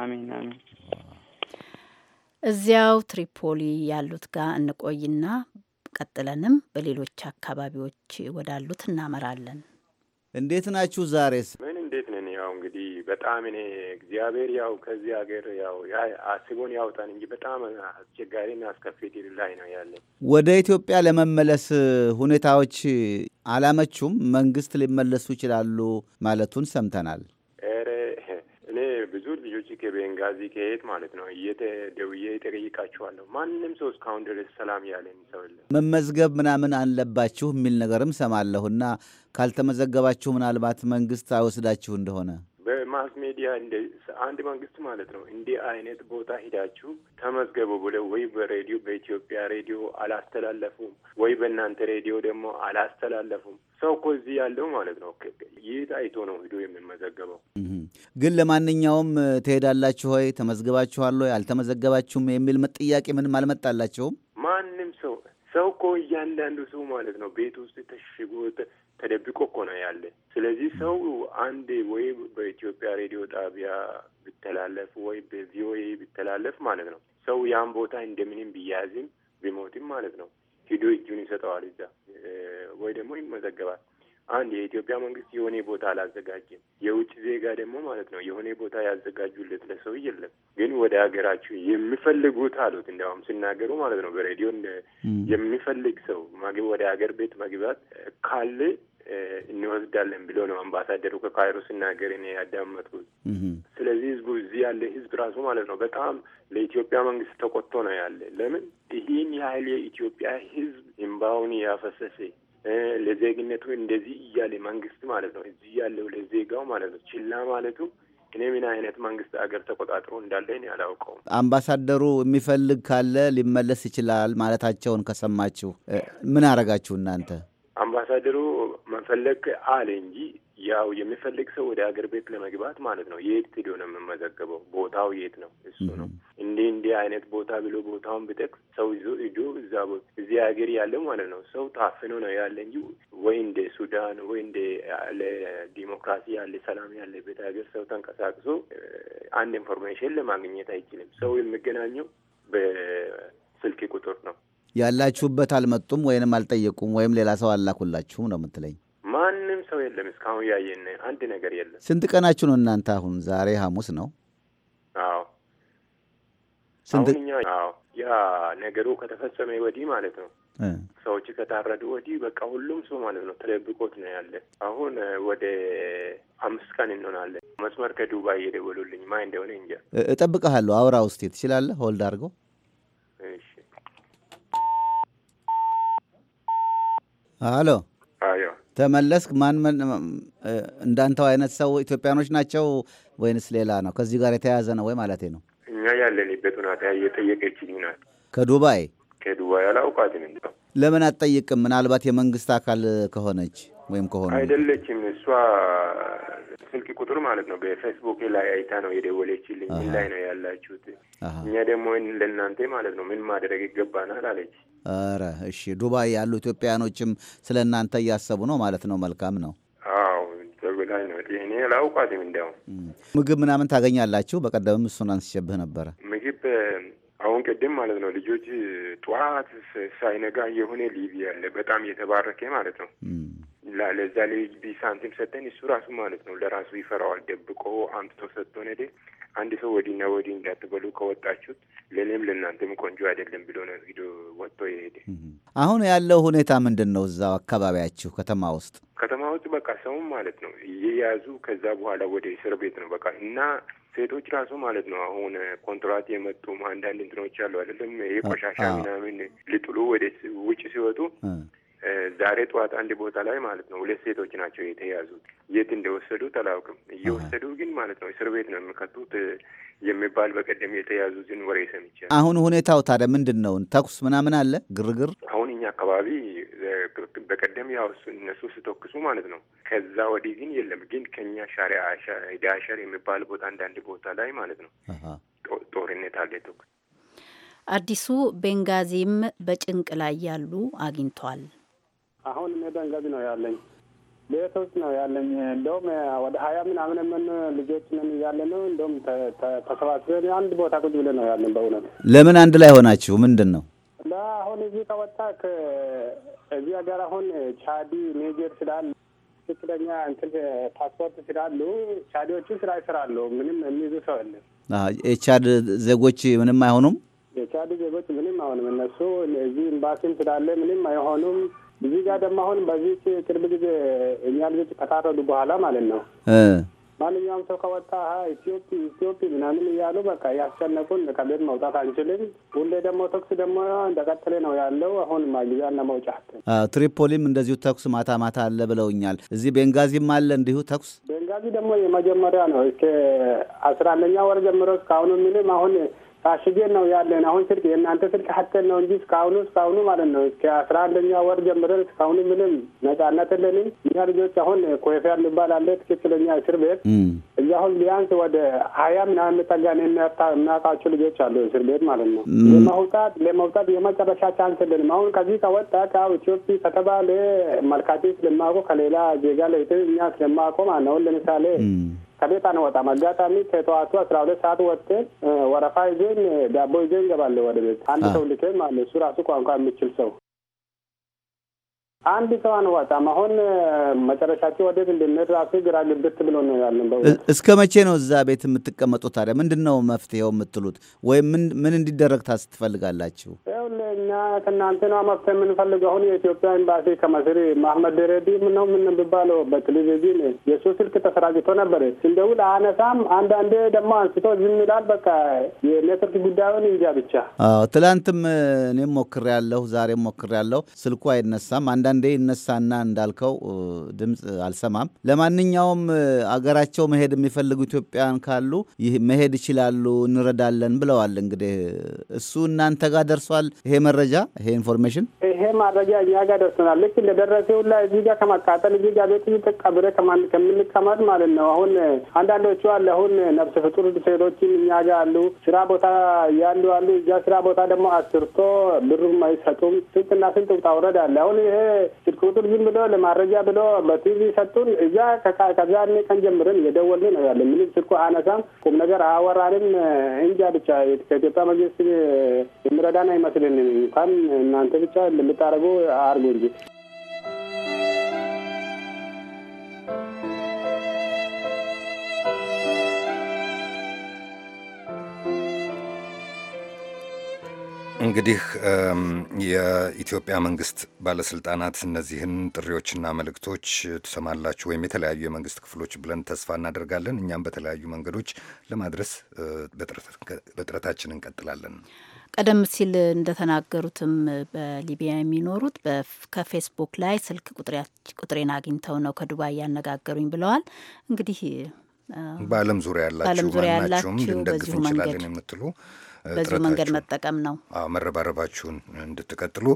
አሜን አሜን። እዚያው ትሪፖሊ ያሉት ጋር እንቆይና ቀጥለንም በሌሎች አካባቢዎች ወዳሉት እናመራለን። እንዴት ናችሁ ዛሬስ? ምን እንዴት ነን? ያው እንግዲህ በጣም እኔ እግዚአብሔር ያው ከዚህ ሀገር ያው አስቦን ያውጣን እንጂ በጣም አስቸጋሪና አስከፊ ድል ላይ ነው ያለን። ወደ ኢትዮጵያ ለመመለስ ሁኔታዎች አላመቹም። መንግስት ሊመለሱ ይችላሉ ማለቱን ሰምተናል። ከቤንጋዚ ከየት ማለት ነው እየደውዬ እጠይቃችኋለሁ። ማንም ሰው እስካሁን ድረስ ሰላም ያለን ሰው የለም። መመዝገብ ምናምን አለባችሁ የሚል ነገርም ሰማለሁና ካልተመዘገባችሁ ምናልባት መንግስት አይወስዳችሁ እንደሆነ ማስ ሜዲያ እንደ አንድ መንግስት ማለት ነው እንዲህ አይነት ቦታ ሂዳችሁ ተመዝገቡ ብለው ወይ በሬዲዮ በኢትዮጵያ ሬዲዮ አላስተላለፉም፣ ወይ በእናንተ ሬዲዮ ደግሞ አላስተላለፉም። ሰው እኮ እዚህ ያለው ማለት ነው ይህ ታይቶ ነው ሂዶ የሚመዘገበው። ግን ለማንኛውም ትሄዳላችሁ ሆይ ተመዝግባችኋል ሆይ አልተመዘገባችሁም የሚል ጥያቄ ምንም አልመጣላቸውም። ማንም ሰው ሰው እኮ እያንዳንዱ ሰው ማለት ነው ቤት ውስጥ ተሽጎት ተደብቆ እኮ ነው ያለ። ስለዚህ ሰው አንድ ወይ በኢትዮጵያ ሬዲዮ ጣቢያ ቢተላለፍ ወይ በቪኦኤ ቢተላለፍ ማለት ነው ሰው ያን ቦታ እንደምንም ቢያዝም ቢሞትም ማለት ነው ሂዶ እጁን ይሰጠዋል እዛ ወይ ደግሞ ይመዘገባል። አንድ የኢትዮጵያ መንግስት የሆነ ቦታ አላዘጋጅም። የውጭ ዜጋ ደግሞ ማለት ነው የሆነ ቦታ ያዘጋጁለት ለሰው የለም። ግን ወደ ሀገራችሁ የሚፈልጉት አሉት። እንዲያውም ሲናገሩ ማለት ነው በሬዲዮ የሚፈልግ ሰው ወደ ሀገር ቤት መግባት ካለ እንወስዳለን ብሎ ነው አምባሳደሩ ከካይሮ ሲናገር እኔ ያዳመጥኩት። ስለዚህ ህዝቡ እዚህ ያለ ህዝብ ራሱ ማለት ነው በጣም ለኢትዮጵያ መንግስት ተቆጥቶ ነው ያለ። ለምን ይህን ያህል የኢትዮጵያ ህዝብ እምባውን ያፈሰሰ ለዜግነቱ እንደዚህ እያለ መንግስት ማለት ነው እዚህ ያለው ለዜጋው ማለት ነው ችላ ማለቱ እኔ ምን አይነት መንግስት አገር ተቆጣጥሮ እንዳለ እኔ አላውቀውም። አምባሳደሩ የሚፈልግ ካለ ሊመለስ ይችላል ማለታቸውን ከሰማችሁ ምን አረጋችሁ እናንተ? አምባሳደሩ መፈለግ አለ እንጂ ያው የሚፈልግ ሰው ወደ ሀገር ቤት ለመግባት ማለት ነው የት ሄዶ ነው የምመዘገበው? ቦታው የት ነው? እሱ ነው እንዲህ እንዲህ አይነት ቦታ ብሎ ቦታውን ብጠቅስ ሰው ይዞ ሂዶ እዛ እዚህ ሀገር ያለው ማለት ነው ሰው ታፍኖ ነው ያለ እንጂ ወይ እንደ ሱዳን ወይ እንደ ዲሞክራሲ ያለ ሰላም ያለበት ሀገር ሰው ተንቀሳቅሶ አንድ ኢንፎርሜሽን ለማግኘት አይችልም። ሰው የሚገናኘው በስልክ ቁጥር ነው። ያላችሁበት አልመጡም ወይንም አልጠየቁም ወይም ሌላ ሰው አላኩላችሁም ነው የምትለኝ? የለም እስካሁን ያየን አንድ ነገር የለም። ስንት ቀናችሁ ነው እናንተ? አሁን ዛሬ ሐሙስ ነው። አዎ አዎ ያ ነገሩ ከተፈጸመ ወዲህ ማለት ነው ሰዎች ከታረዱ ወዲህ በቃ ሁሉም ሰው ማለት ነው ተደብቆት ነው ያለ። አሁን ወደ አምስት ቀን እንሆናለን። መስመር ከዱባይ እየደወሉልኝ ማ እንደሆነ እንጃ። እጠብቀሃለሁ። አውራ ውስጤ ትችላለህ። ሆልድ አድርገው። አሎ። አዎ ተመለስክ። ማን እንዳንተው አይነት ሰው ኢትዮጵያኖች ናቸው ወይንስ ሌላ ነው? ከዚህ ጋር የተያያዘ ነው ወይ ማለት ነው? እኛ ያለንበት ሁኔታ የጠየቀችኝ ናት። ከዱባይ ከዱባይ አላውቃትም። እንደው ለምን አትጠይቅም? ምናልባት የመንግስት አካል ከሆነች ወይም ከሆነ አይደለችም እሷ ስልክ ቁጥር ማለት ነው። በፌስቡክ ላይ አይታ ነው የደወለችልኝ። ምን ላይ ነው ያላችሁት? እኛ ደግሞ ለእናንተ ማለት ነው ምን ማድረግ ይገባናል አለች። ኧረ እሺ። ዱባይ ያሉ ኢትዮጵያውያኖችም ስለ እናንተ እያሰቡ ነው ማለት ነው። መልካም ነው። አዎ ተጎዳኝ ነው። እኔ ላውቃትም እንዲያውም ምግብ ምናምን ታገኛላችሁ። በቀደምም እሱን አንስቸብህ ነበረ ምግብ ቅድም ማለት ነው ልጆች ጠዋት ሳይነጋ የሆነ ሊቢ ያለ በጣም የተባረከ ማለት ነው። ለዛ ልጅ ሳንቲም ሰጠን እሱ ራሱ ማለት ነው ለራሱ ይፈራዋል። ደብቆ አምጥቶ ሰጥቶ ሄደ። አንድ ሰው ወዲና ወዲህ እንዳትበሉ ከወጣችሁት ለእኔም ለእናንተም ቆንጆ አይደለም ብሎ ነው ሂዶ ወጥቶ የሄደ። አሁን ያለው ሁኔታ ምንድን ነው? እዛው አካባቢያችሁ ከተማ ውስጥ ከተማ ውስጥ በቃ ሰውም ማለት ነው እየያዙ ከዛ በኋላ ወደ እስር ቤት ነው በቃ እና ሴቶች ራሱ ማለት ነው አሁን ኮንትራት የመጡም አንዳንድ እንትኖች አሉ አይደለም ይሄ ቆሻሻ ምናምን ልጥሉ ወደ ውጭ ሲወጡ ዛሬ ጠዋት አንድ ቦታ ላይ ማለት ነው ሁለት ሴቶች ናቸው የተያዙት። የት እንደወሰዱት አላውቅም። እየወሰዱ ግን ማለት ነው እስር ቤት ነው የሚከቱት የሚባል በቀደም የተያዙትን ወሬ ሰምቻለሁ። አሁን ሁኔታው ታዲያ ምንድን ነው? ተኩስ ምናምን አለ፣ ግርግር። አሁን እኛ አካባቢ በቀደም ያው እነሱ ስተኩሱ ማለት ነው። ከዛ ወዲህ ግን የለም። ግን ከኛ ሻሪያ ዳሸር የሚባል ቦታ አንዳንድ ቦታ ላይ ማለት ነው ጦርነት አለ። ተኩስ አዲሱ ቤንጋዚም በጭንቅ ላይ ያሉ አግኝቷል። አሁን እኔ ቤንጋዚ ነው ያለኝ ቤት ውስጥ ነው ያለኝ። እንደውም ወደ ሀያ ምናምን ምን ልጆች ነን እያለ ነው። እንደውም ተሰባስበን አንድ ቦታ ቁጭ ብለን ነው ያለን። በእውነት ለምን አንድ ላይ ሆናችሁ ምንድን ነው ለአሁን እዚህ ከወጣ እዚህ ሀገር አሁን ቻዲ ኔጀር ስላሉ ትክክለኛ እንትን ፓስፖርት ስላሉ ቻዲዎቹ ስራ ይስራሉ። ምንም የሚይዙ ሰው የለም። የቻድ ዜጎች ምንም አይሆኑም። የቻድ ዜጎች ምንም አይሆኑም። እነሱ እዚህ ኤምባሲም ስላለ ምንም አይሆኑም። እዚህ ጋር ደግሞ አሁን በዚህ ቅርብ ጊዜ እኛ ልጆች ከታረዱ በኋላ ማለት ነው ማንኛውም ሰው ከወጣ ኢትዮፒ ኢትዮፒ ምናምን እያሉ በቃ ያስጨነቁን። ከቤት መውጣት አንችልም። ሁሌ ደግሞ ተኩስ ደግሞ እንደቀጥሌ ነው ያለው። አሁን ማግቢያና መውጫ ትሪፖሊም እንደዚሁ ተኩስ ማታ ማታ አለ ብለውኛል። እዚህ ቤንጋዚም አለ እንዲሁ ተኩስ። ቤንጋዚ ደግሞ የመጀመሪያ ነው እስከ አስራ አንደኛ ወር ጀምሮ እስካሁኑ ምንም አሁን አሽጌን ነው ያለን። አሁን ስልክ የእናንተ ስልክ ሀተል ነው እንጂ እስካሁኑ እስካሁኑ ማለት ነው እስከ አስራ አንደኛ ወር ጀምረን እስካሁኑ ምንም ነጻነት የለንም እኛ ልጆች። አሁን ኮፌያ የሚባል አለ ትክክለኛ እስር ቤት እዚ አሁን ቢያንስ ወደ ሀያ ምናምን ጠጋን የሚያውቃቸው ልጆች አሉ እስር ቤት ማለት ነው። ለመውጣት ለመውጣት የመጨረሻ ቻንስ የለንም። አሁን ከዚህ ከወጣ ከው ኢትዮጵ ከተባለ መልካቴ ስለማውቀው ከሌላ ዜጋ ለይት እኛ ስለማውቀው ማለት ነው ለምሳሌ ከቤት አንወጣም። አጋጣሚ ከጠዋቱ አስራ ሁለት ሰዓት ወጥተን ወረፋ ይዘን ዳቦ ይዘን ይገባለ ወደ ቤት አንድ ሰው ልከን ማለት እሱ ራሱ ቋንቋ የሚችል ሰው አንድ ሰው አንወጣም። አሁን መጨረሻቸው ወዴት እንደሚሄድ ራሱ ግራ ግብት ብሎ ነው ያለን። እስከ መቼ ነው እዛ ቤት የምትቀመጡ? ታዲያ ምንድን ነው መፍትሄው የምትሉት? ወይም ምን እንዲደረግ ታስ ትፈልጋላችሁ? እኛ ከእናንተ ነው መፍትሄ የምንፈልገው። አሁን የኢትዮጵያ ኤምባሲ ከመስሪ ማህመድ ደሬዲ ነው የምንባለው በቴሌቪዥን የሱ ስልክ ተሰራጭቶ ነበር። ስንደውል አነሳም፣ አንዳንዴ ደግሞ አንስቶ ዝም ይላል። በቃ የኔትወርክ ጉዳዩን እንጃ ብቻ። ትላንትም እኔም ያለሁ ዛሬም ያለው ስልኩ አይነሳም። አንዳንዴ ይነሳና እንዳልከው ድምፅ አልሰማም። ለማንኛውም አገራቸው መሄድ የሚፈልጉ ኢትዮጵያን ካሉ መሄድ ይችላሉ፣ እንረዳለን ብለዋል። እንግዲህ እሱ እናንተ ጋር ደርሷል ይሄ መረጃ ይሄ ኢንፎርሜሽን ይሄ መረጃ እኛ ጋር ደርሰናል። ልክ እንደደረሰ ሁላ እዚህ ጋር ከማቃጠል እዚህ ጋር ቤት እየተቀብረ ከምንቀመጥ ማለት ነው። አሁን አንዳንዶቹ አለ አሁን ነፍስ ፍጡር ሴቶችን እኛ ጋር አሉ፣ ስራ ቦታ ያሉ አሉ። እዛ ስራ ቦታ ደግሞ አስርቶ ብሩም አይሰጡም። ስንትና ስንት ውጣ ውረድ አለ። አሁን ይሄ ስልክ ቁጥር ዝም ብሎ ለማረጃ ብሎ በቲቪ ሰጡን። እዛ ከዛ ቀን ጀምረን እየደወልን ነው ያለ። ምንም ስልኩ አነሳም፣ ቁም ነገር አወራንም። እንጃ ብቻ ከኢትዮጵያ መንግስት የምረዳን አይመስልንም። እንኳን እናንተ ብቻ እንደምታደርጉ አርጉ እንጂ እንግዲህ የኢትዮጵያ መንግስት ባለስልጣናት እነዚህን ጥሪዎችና መልእክቶች ትሰማላችሁ ወይም የተለያዩ የመንግስት ክፍሎች ብለን ተስፋ እናደርጋለን። እኛም በተለያዩ መንገዶች ለማድረስ በጥረታችን እንቀጥላለን። ቀደም ሲል እንደተናገሩትም በሊቢያ የሚኖሩት ከፌስቡክ ላይ ስልክ ቁጥሬን አግኝተው ነው ከዱባይ ያነጋገሩኝ ብለዋል። እንግዲህ በዓለም ዙሪያ ያላችሁ ማናችሁም ልንደግፍ እንችላለን የምትሉ በዚሁ መንገድ መጠቀም ነው መረባረባችሁን እንድትቀጥሉ።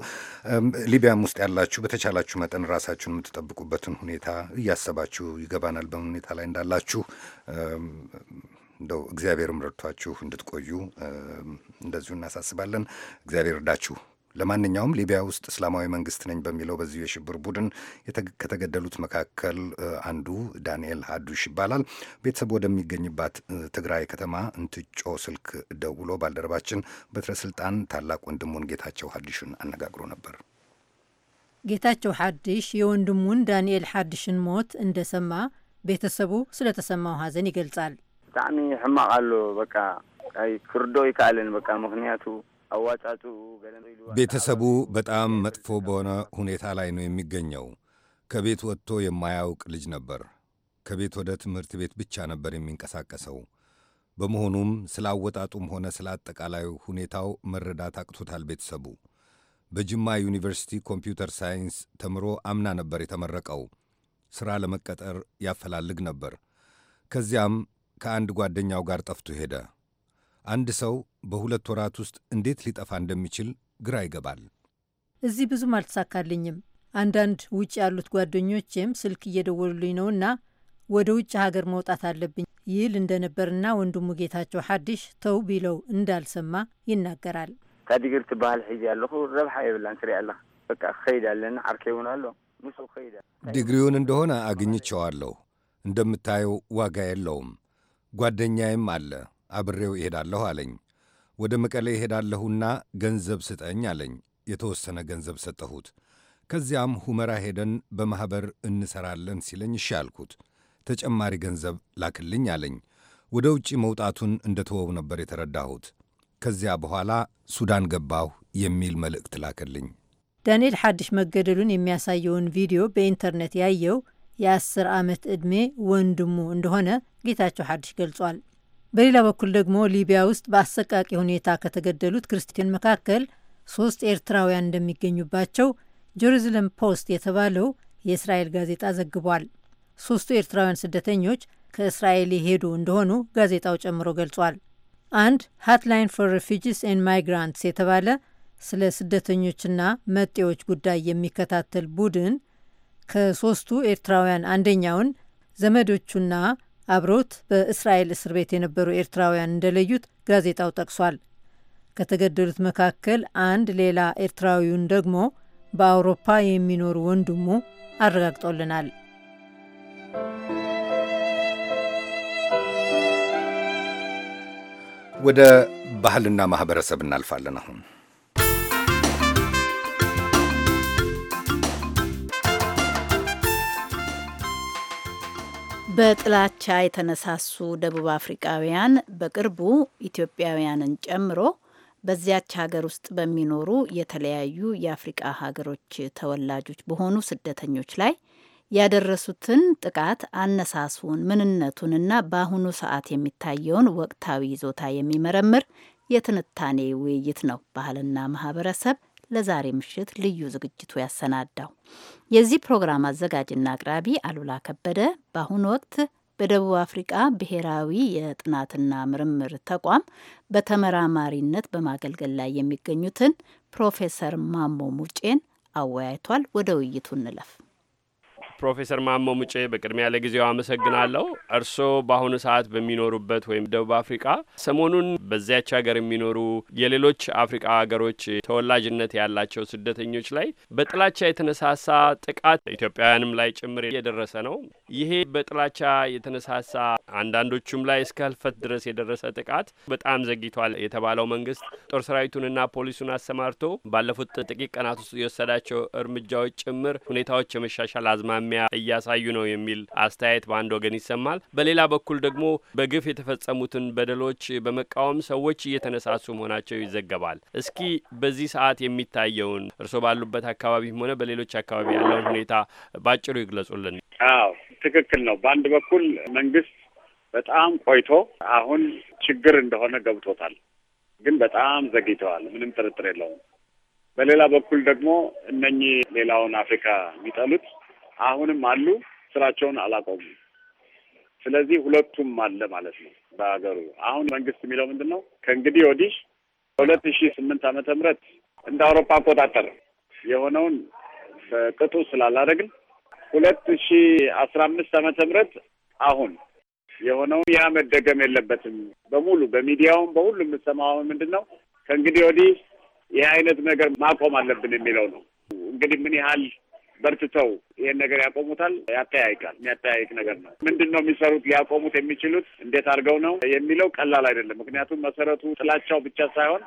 ሊቢያም ውስጥ ያላችሁ በተቻላችሁ መጠን ራሳችሁን የምትጠብቁበትን ሁኔታ እያሰባችሁ ይገባናል በምን ሁኔታ ላይ እንዳላችሁ እንደው እግዚአብሔርም ረድቷችሁ እንድትቆዩ እንደዚሁ እናሳስባለን። እግዚአብሔር እርዳችሁ። ለማንኛውም ሊቢያ ውስጥ እስላማዊ መንግስት ነኝ በሚለው በዚሁ የሽብር ቡድን ከተገደሉት መካከል አንዱ ዳንኤል ሀዱሽ ይባላል። ቤተሰቡ ወደሚገኝባት ትግራይ ከተማ እንትጮ ስልክ ደውሎ ባልደረባችን በትረ ስልጣን ታላቅ ወንድሙን ጌታቸው ሀዲሽን አነጋግሮ ነበር። ጌታቸው ሀዲሽ የወንድሙን ዳንኤል ሀዲሽን ሞት እንደሰማ ቤተሰቡ ስለተሰማው ሀዘን ይገልጻል። ብጣዕሚ ሕማቕ ኣሎ በቃ ኣይ ክርዶ ይከኣለን በቃ ምክንያቱ አዋጣጡ ቤተሰቡ በጣም መጥፎ በሆነ ሁኔታ ላይ ነው የሚገኘው። ከቤት ወጥቶ የማያውቅ ልጅ ነበር። ከቤት ወደ ትምህርት ቤት ብቻ ነበር የሚንቀሳቀሰው። በመሆኑም ስለ አወጣጡም ሆነ ስለ አጠቃላዩ ሁኔታው መረዳት አቅቶታል ቤተሰቡ። በጅማ ዩኒቨርሲቲ ኮምፒውተር ሳይንስ ተምሮ አምና ነበር የተመረቀው። ሥራ ለመቀጠር ያፈላልግ ነበር። ከዚያም ከአንድ ጓደኛው ጋር ጠፍቶ ሄደ። አንድ ሰው በሁለት ወራት ውስጥ እንዴት ሊጠፋ እንደሚችል ግራ ይገባል። እዚህ ብዙም አልተሳካልኝም። አንዳንድ ውጭ ያሉት ጓደኞቼም ስልክ እየደወሉልኝ ነውና ወደ ውጭ ሀገር መውጣት አለብኝ ይል እንደነበርና ወንድሙ ጌታቸው ሓድሽ ተው ቢለው እንዳልሰማ ይናገራል። ካዲግር ትበሃል ሒዚ ኣለኹ ረብሓ የብላን ትሪኢ ኣላ በቃ ክኸይድ ኣለኒ ዓርኬ እውን ኣሎ ንሱ ኸይድ ዲግሪውን እንደሆነ አግኝቸዋለሁ። እንደምታየው ዋጋ የለውም ጓደኛዬም አለ አብሬው እሄዳለሁ አለኝ። ወደ መቀሌ እሄዳለሁና ገንዘብ ስጠኝ አለኝ። የተወሰነ ገንዘብ ሰጠሁት። ከዚያም ሁመራ ሄደን በማኅበር እንሠራለን ሲለኝ እሺ አልኩት። ተጨማሪ ገንዘብ ላክልኝ አለኝ። ወደ ውጭ መውጣቱን እንደ ተወው ነበር የተረዳሁት። ከዚያ በኋላ ሱዳን ገባሁ የሚል መልእክት ላክልኝ። ዳንኤል ሓድሽ መገደሉን የሚያሳየውን ቪዲዮ በኢንተርኔት ያየው የአስር ዓመት ዕድሜ ወንድሙ እንደሆነ ጌታቸው ሐዲሽ ገልጿል። በሌላ በኩል ደግሞ ሊቢያ ውስጥ በአሰቃቂ ሁኔታ ከተገደሉት ክርስቲያን መካከል ሶስት ኤርትራውያን እንደሚገኙባቸው ጀሩዝለም ፖስት የተባለው የእስራኤል ጋዜጣ ዘግቧል። ሶስቱ ኤርትራውያን ስደተኞች ከእስራኤል የሄዱ እንደሆኑ ጋዜጣው ጨምሮ ገልጿል። አንድ ሃትላይን ፎር ሪፊጂስ ኤን ማይግራንትስ የተባለ ስለ ስደተኞችና መጤዎች ጉዳይ የሚከታተል ቡድን ከሶስቱ ኤርትራውያን አንደኛውን ዘመዶቹና አብሮት በእስራኤል እስር ቤት የነበሩ ኤርትራውያን እንደለዩት ጋዜጣው ጠቅሷል። ከተገደሉት መካከል አንድ ሌላ ኤርትራዊውን ደግሞ በአውሮፓ የሚኖሩ ወንድሙ አረጋግጦልናል። ወደ ባህልና ማህበረሰብ እናልፋለን አሁን በጥላቻ የተነሳሱ ደቡብ አፍሪቃውያን በቅርቡ ኢትዮጵያውያንን ጨምሮ በዚያች ሀገር ውስጥ በሚኖሩ የተለያዩ የአፍሪቃ ሀገሮች ተወላጆች በሆኑ ስደተኞች ላይ ያደረሱትን ጥቃት አነሳሱን፣ ምንነቱንና በአሁኑ ሰዓት የሚታየውን ወቅታዊ ይዞታ የሚመረምር የትንታኔ ውይይት ነው። ባህልና ማህበረሰብ ለዛሬ ምሽት ልዩ ዝግጅቱ ያሰናዳው። የዚህ ፕሮግራም አዘጋጅና አቅራቢ አሉላ ከበደ በአሁኑ ወቅት በደቡብ አፍሪቃ ብሔራዊ የጥናትና ምርምር ተቋም በተመራማሪነት በማገልገል ላይ የሚገኙትን ፕሮፌሰር ማሞ ሙጬን አወያይቷል። ወደ ውይይቱ እንለፍ። ፕሮፌሰር ማሞ ሙጬ በቅድሚያ ለጊዜው አመሰግናለሁ። እርስዎ በአሁኑ ሰዓት በሚኖሩበት ወይም ደቡብ አፍሪቃ ሰሞኑን በዚያች ሀገር የሚኖሩ የሌሎች አፍሪቃ ሀገሮች ተወላጅነት ያላቸው ስደተኞች ላይ በጥላቻ የተነሳሳ ጥቃት ኢትዮጵያውያንም ላይ ጭምር የደረሰ ነው። ይሄ በጥላቻ የተነሳሳ አንዳንዶቹም ላይ እስከ ህልፈት ድረስ የደረሰ ጥቃት በጣም ዘግይቷል የተባለው መንግስት ጦር ሰራዊቱንና ፖሊሱን አሰማርቶ ባለፉት ጥቂት ቀናት ውስጥ የወሰዳቸው እርምጃዎች ጭምር ሁኔታዎች የመሻሻል አዝማሚ ፍልሚያ እያሳዩ ነው የሚል አስተያየት በአንድ ወገን ይሰማል። በሌላ በኩል ደግሞ በግፍ የተፈጸሙትን በደሎች በመቃወም ሰዎች እየተነሳሱ መሆናቸው ይዘገባል። እስኪ በዚህ ሰዓት የሚታየውን እርስዎ ባሉበት አካባቢም ሆነ በሌሎች አካባቢ ያለውን ሁኔታ ባጭሩ ይግለጹልን። አዎ ትክክል ነው። በአንድ በኩል መንግስት በጣም ቆይቶ አሁን ችግር እንደሆነ ገብቶታል፣ ግን በጣም ዘግይተዋል። ምንም ጥርጥር የለውም። በሌላ በኩል ደግሞ እነኚህ ሌላውን አፍሪካ የሚጠሉት አሁንም አሉ። ስራቸውን አላቆሙም። ስለዚህ ሁለቱም አለ ማለት ነው በሀገሩ። አሁን መንግስት የሚለው ምንድን ነው? ከእንግዲህ ወዲህ ሁለት ሺ ስምንት ዓመተ ምህረት እንደ አውሮፓ አቆጣጠር የሆነውን በቅጡ ስላላደረግን ሁለት ሺ አስራ አምስት ዓመተ ምህረት አሁን የሆነውን ያ መደገም የለበትም በሙሉ በሚዲያውም በሁሉ የምሰማው ምንድን ነው ከእንግዲህ ወዲህ ይህ አይነት ነገር ማቆም አለብን የሚለው ነው። እንግዲህ ምን ያህል በርትተው ይሄን ነገር ያቆሙታል። ያተያይቃል። የሚያጠያይቅ ነገር ነው። ምንድን ነው የሚሰሩት? ሊያቆሙት የሚችሉት እንዴት አድርገው ነው የሚለው ቀላል አይደለም። ምክንያቱም መሰረቱ ጥላቻው ብቻ ሳይሆን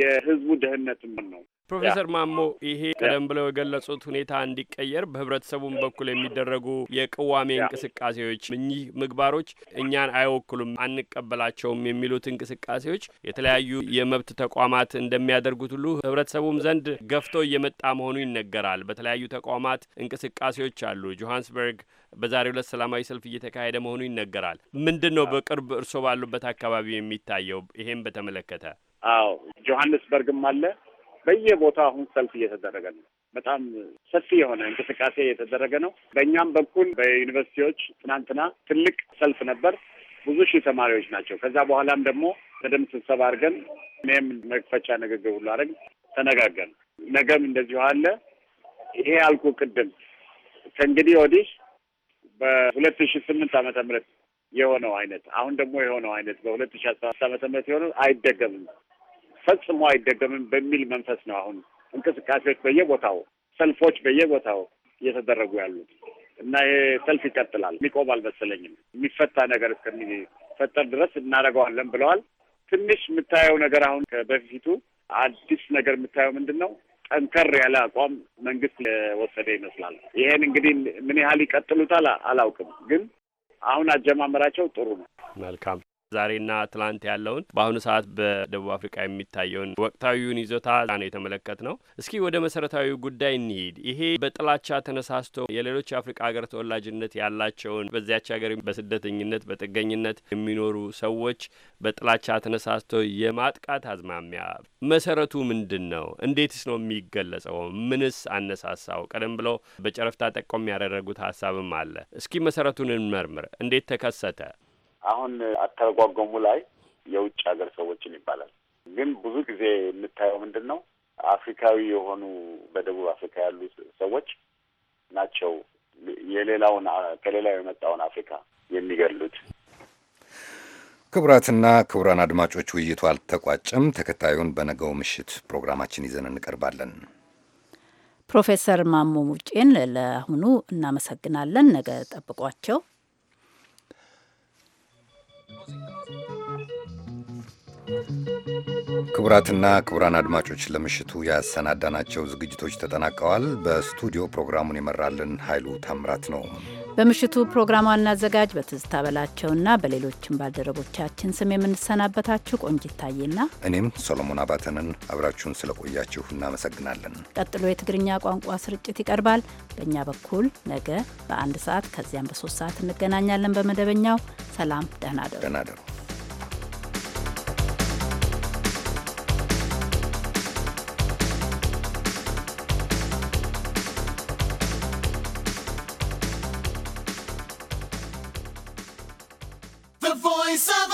የህዝቡ ድህነትም ነው። ፕሮፌሰር ማሞ ይሄ ቀደም ብለው የገለጹት ሁኔታ እንዲቀየር በህብረተሰቡም በኩል የሚደረጉ የቅዋሜ እንቅስቃሴዎች እኚህ ምግባሮች እኛን አይወክሉም፣ አንቀበላቸውም የሚሉት እንቅስቃሴዎች የተለያዩ የመብት ተቋማት እንደሚያደርጉት ሁሉ ህብረተሰቡም ዘንድ ገፍቶ እየመጣ መሆኑ ይነገራል። በተለያዩ ተቋማት እንቅስቃሴዎች አሉ። ጆሀንስበርግ በዛሬው ዕለት ሰላማዊ ሰልፍ እየተካሄደ መሆኑ ይነገራል። ምንድን ነው በቅርብ እርስዎ ባሉበት አካባቢ የሚታየው? ይሄም በተመለከተ አዎ ጆሀንስበርግም አለ በየቦታው አሁን ሰልፍ እየተደረገ ነው። በጣም ሰፊ የሆነ እንቅስቃሴ እየተደረገ ነው። በእኛም በኩል በዩኒቨርሲቲዎች ትናንትና ትልቅ ሰልፍ ነበር። ብዙ ሺህ ተማሪዎች ናቸው። ከዛ በኋላም ደግሞ በደንብ ስብሰባ አድርገን እኔም መክፈቻ ንግግር ሁሉ አድረግ ተነጋገን። ነገም እንደዚሁ አለ። ይሄ ያልኩ ቅድም ከእንግዲህ ወዲህ በሁለት ሺ ስምንት ዓመተ ምህረት የሆነው አይነት አሁን ደግሞ የሆነው አይነት በሁለት ሺ አስራ አምስት ዓመተ ምህረት የሆነው አይደገምም። ፈጽሞ አይደገምም በሚል መንፈስ ነው አሁን እንቅስቃሴዎች በየቦታው ሰልፎች በየቦታው እየተደረጉ ያሉት እና ይሄ ሰልፍ ይቀጥላል። የሚቆም አልመሰለኝም። የሚፈታ ነገር እስከሚፈጠር ድረስ እናደርገዋለን ብለዋል። ትንሽ የምታየው ነገር አሁን በፊቱ አዲስ ነገር የምታየው ምንድን ነው? ጠንከር ያለ አቋም መንግስት የወሰደ ይመስላል። ይሄን እንግዲህ ምን ያህል ይቀጥሉታል አላውቅም፣ ግን አሁን አጀማመራቸው ጥሩ ነው። መልካም ዛሬና ትላንት ያለውን በአሁኑ ሰዓት በደቡብ አፍሪካ የሚታየውን ወቅታዊውን ይዞታ ነው የተመለከት ነው። እስኪ ወደ መሰረታዊ ጉዳይ እንሂድ። ይሄ በጥላቻ ተነሳስቶ የሌሎች የአፍሪካ ሀገር ተወላጅነት ያላቸውን በዚያች ሀገር በስደተኝነት በጥገኝነት የሚኖሩ ሰዎች በጥላቻ ተነሳስቶ የማጥቃት አዝማሚያ መሰረቱ ምንድን ነው? እንዴትስ ነው የሚገለጸው? ምንስ አነሳሳው? ቀደም ብለው በጨረፍታ ጠቆም ያደረጉት ሀሳብም አለ። እስኪ መሰረቱን እንመርምር። እንዴት ተከሰተ? አሁን አተረጓጎሙ ላይ የውጭ ሀገር ሰዎችን ይባላል። ግን ብዙ ጊዜ የምታየው ምንድን ነው አፍሪካዊ የሆኑ በደቡብ አፍሪካ ያሉ ሰዎች ናቸው የሌላውን ከሌላው የመጣውን አፍሪካ የሚገሉት። ክቡራትና ክቡራን አድማጮች ውይይቱ አልተቋጨም። ተከታዩን በነገው ምሽት ፕሮግራማችን ይዘን እንቀርባለን። ፕሮፌሰር ማሞ ሙጬን ለአሁኑ እናመሰግናለን። ነገ ጠብቋቸው። ክቡራትና ክቡራን አድማጮች ለምሽቱ ያሰናዳናቸው ዝግጅቶች ተጠናቀዋል። በስቱዲዮ ፕሮግራሙን የመራልን ኃይሉ ታምራት ነው። በምሽቱ ፕሮግራሟን አዘጋጅ በትዝታ በላቸውና በሌሎችም ባልደረቦቻችን ስም የምንሰናበታችሁ ቆንጂት ታዬና እኔም ሶሎሞን አባተንን አብራችሁን ስለቆያችሁ እናመሰግናለን። ቀጥሎ የትግርኛ ቋንቋ ስርጭት ይቀርባል። በእኛ በኩል ነገ በአንድ ሰዓት ከዚያም በሶስት ሰዓት እንገናኛለን። በመደበኛው ሰላም፣ ደህና ደሩ። voice